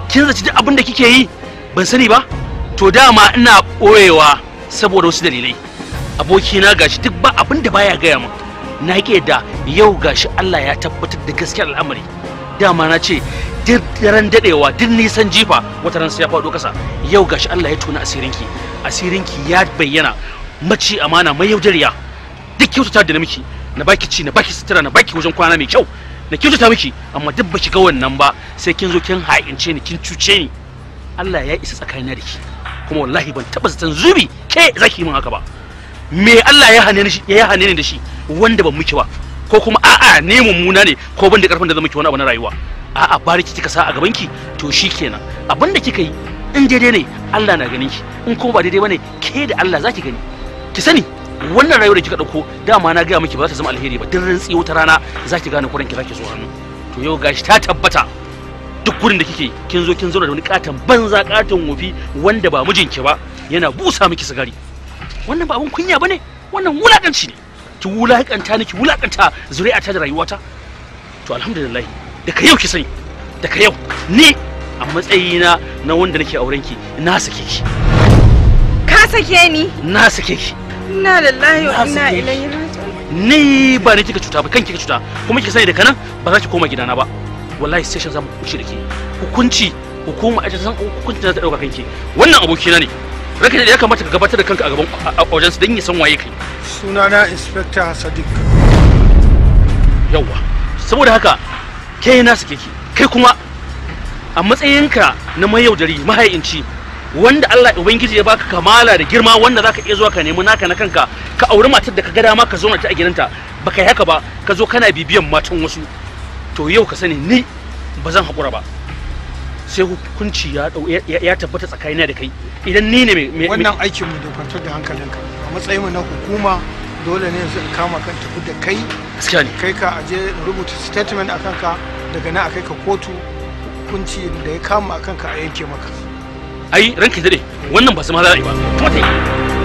kin zaci duk abin da kike yi ban sani ba to dama ina ɓoyewa saboda wasu dalilai abokina gashi duk ba abin da baya gaya min na yake da yau gashi Allah ya tabbatar da gaskiyar al'amari dama na ce duk daren dadewa duk nisan jifa wata ran sai ya faɗo kasa yau gashi Allah ya tona asirinki asirinki ya bayyana maci amana mai yaudariya duk kyautata da na na baki ci na baki sutura na baki wajen kwana mai kyau na kyautata miki amma duk ba ga wannan ba sai kin zo kin haƙince ni kin cuce ni Allah ya isa tsakanina da ki kuma wallahi ban taba zaton zubi ke zaki yi min haka ba me Allah ya hane ni ya hane ni da shi wanda ban miki ba ko kuma a'a ne mummuna ne ko ban da karfin da zan miki wani abu na rayuwa a'a bariki kika sa a gaban ki to shikenan abin da kika yi in daidai ne Allah na ganin ki in kuma ba daidai bane ke da Allah zaki gani ki sani wannan rayuwar da kika dauko dama na gaya miki ba za ta zama alheri ba duk rantsi wata rana za ki gane kuranki za ki zo hannu to yau gashi ta tabbata duk gurin da kike kin zo kin zauna da wani katon banza katon wofi wanda ba mijinki ba yana busa miki sigari wannan ba abun kunya bane wannan wulakanci ne ki wulakanta ni ki wulakanta zuri'ata da rayuwata to alhamdulillah daga yau ki sani daga yau ni a matsayina na wanda nake aurenki na sake ki ka sake ni na sake ki Inna lillahi wa Ni ba ni kika cuta ba kanki kika cuta kuma kika sani da kanan ba za ki koma gidana ba. Wallahi station za mu kushe da ke. Hukunci hukuma a san hukunci za ta dauka kanki. Wannan abokina ne. Raka da ya kamata ka gabatar da kanka a gaban wajen su dan ya san waye kai. Sunana Inspector Sadiq. Yawwa. Saboda haka kai na su kike. Kai kuma a matsayinka na mai yaudari mahayinci wanda Allah ubangiji ya baka kamala da girma wanda zaka iya zuwa ka nemi naka na kanka ka auri matar da ka ga dama ka zauna ta a gidanta baka yi haka ba ka zo kana bibiyan matan wasu to yau ka sani ni ba zan haƙura ba sai hukunci ya ya tabbata tsakanina da kai idan ni ne mai wannan aikin mu dokwantar da hankalinka a matsayin mu na hukuma dole ne yanzu kama kan tafi da kai gaskiya ne kai ka aje rubuta statement akan ka daga nan a kai ka kotu hukunci da ya kama akan ka a yanke maka ai ranka dare wannan ba su ma za a yi ba kuma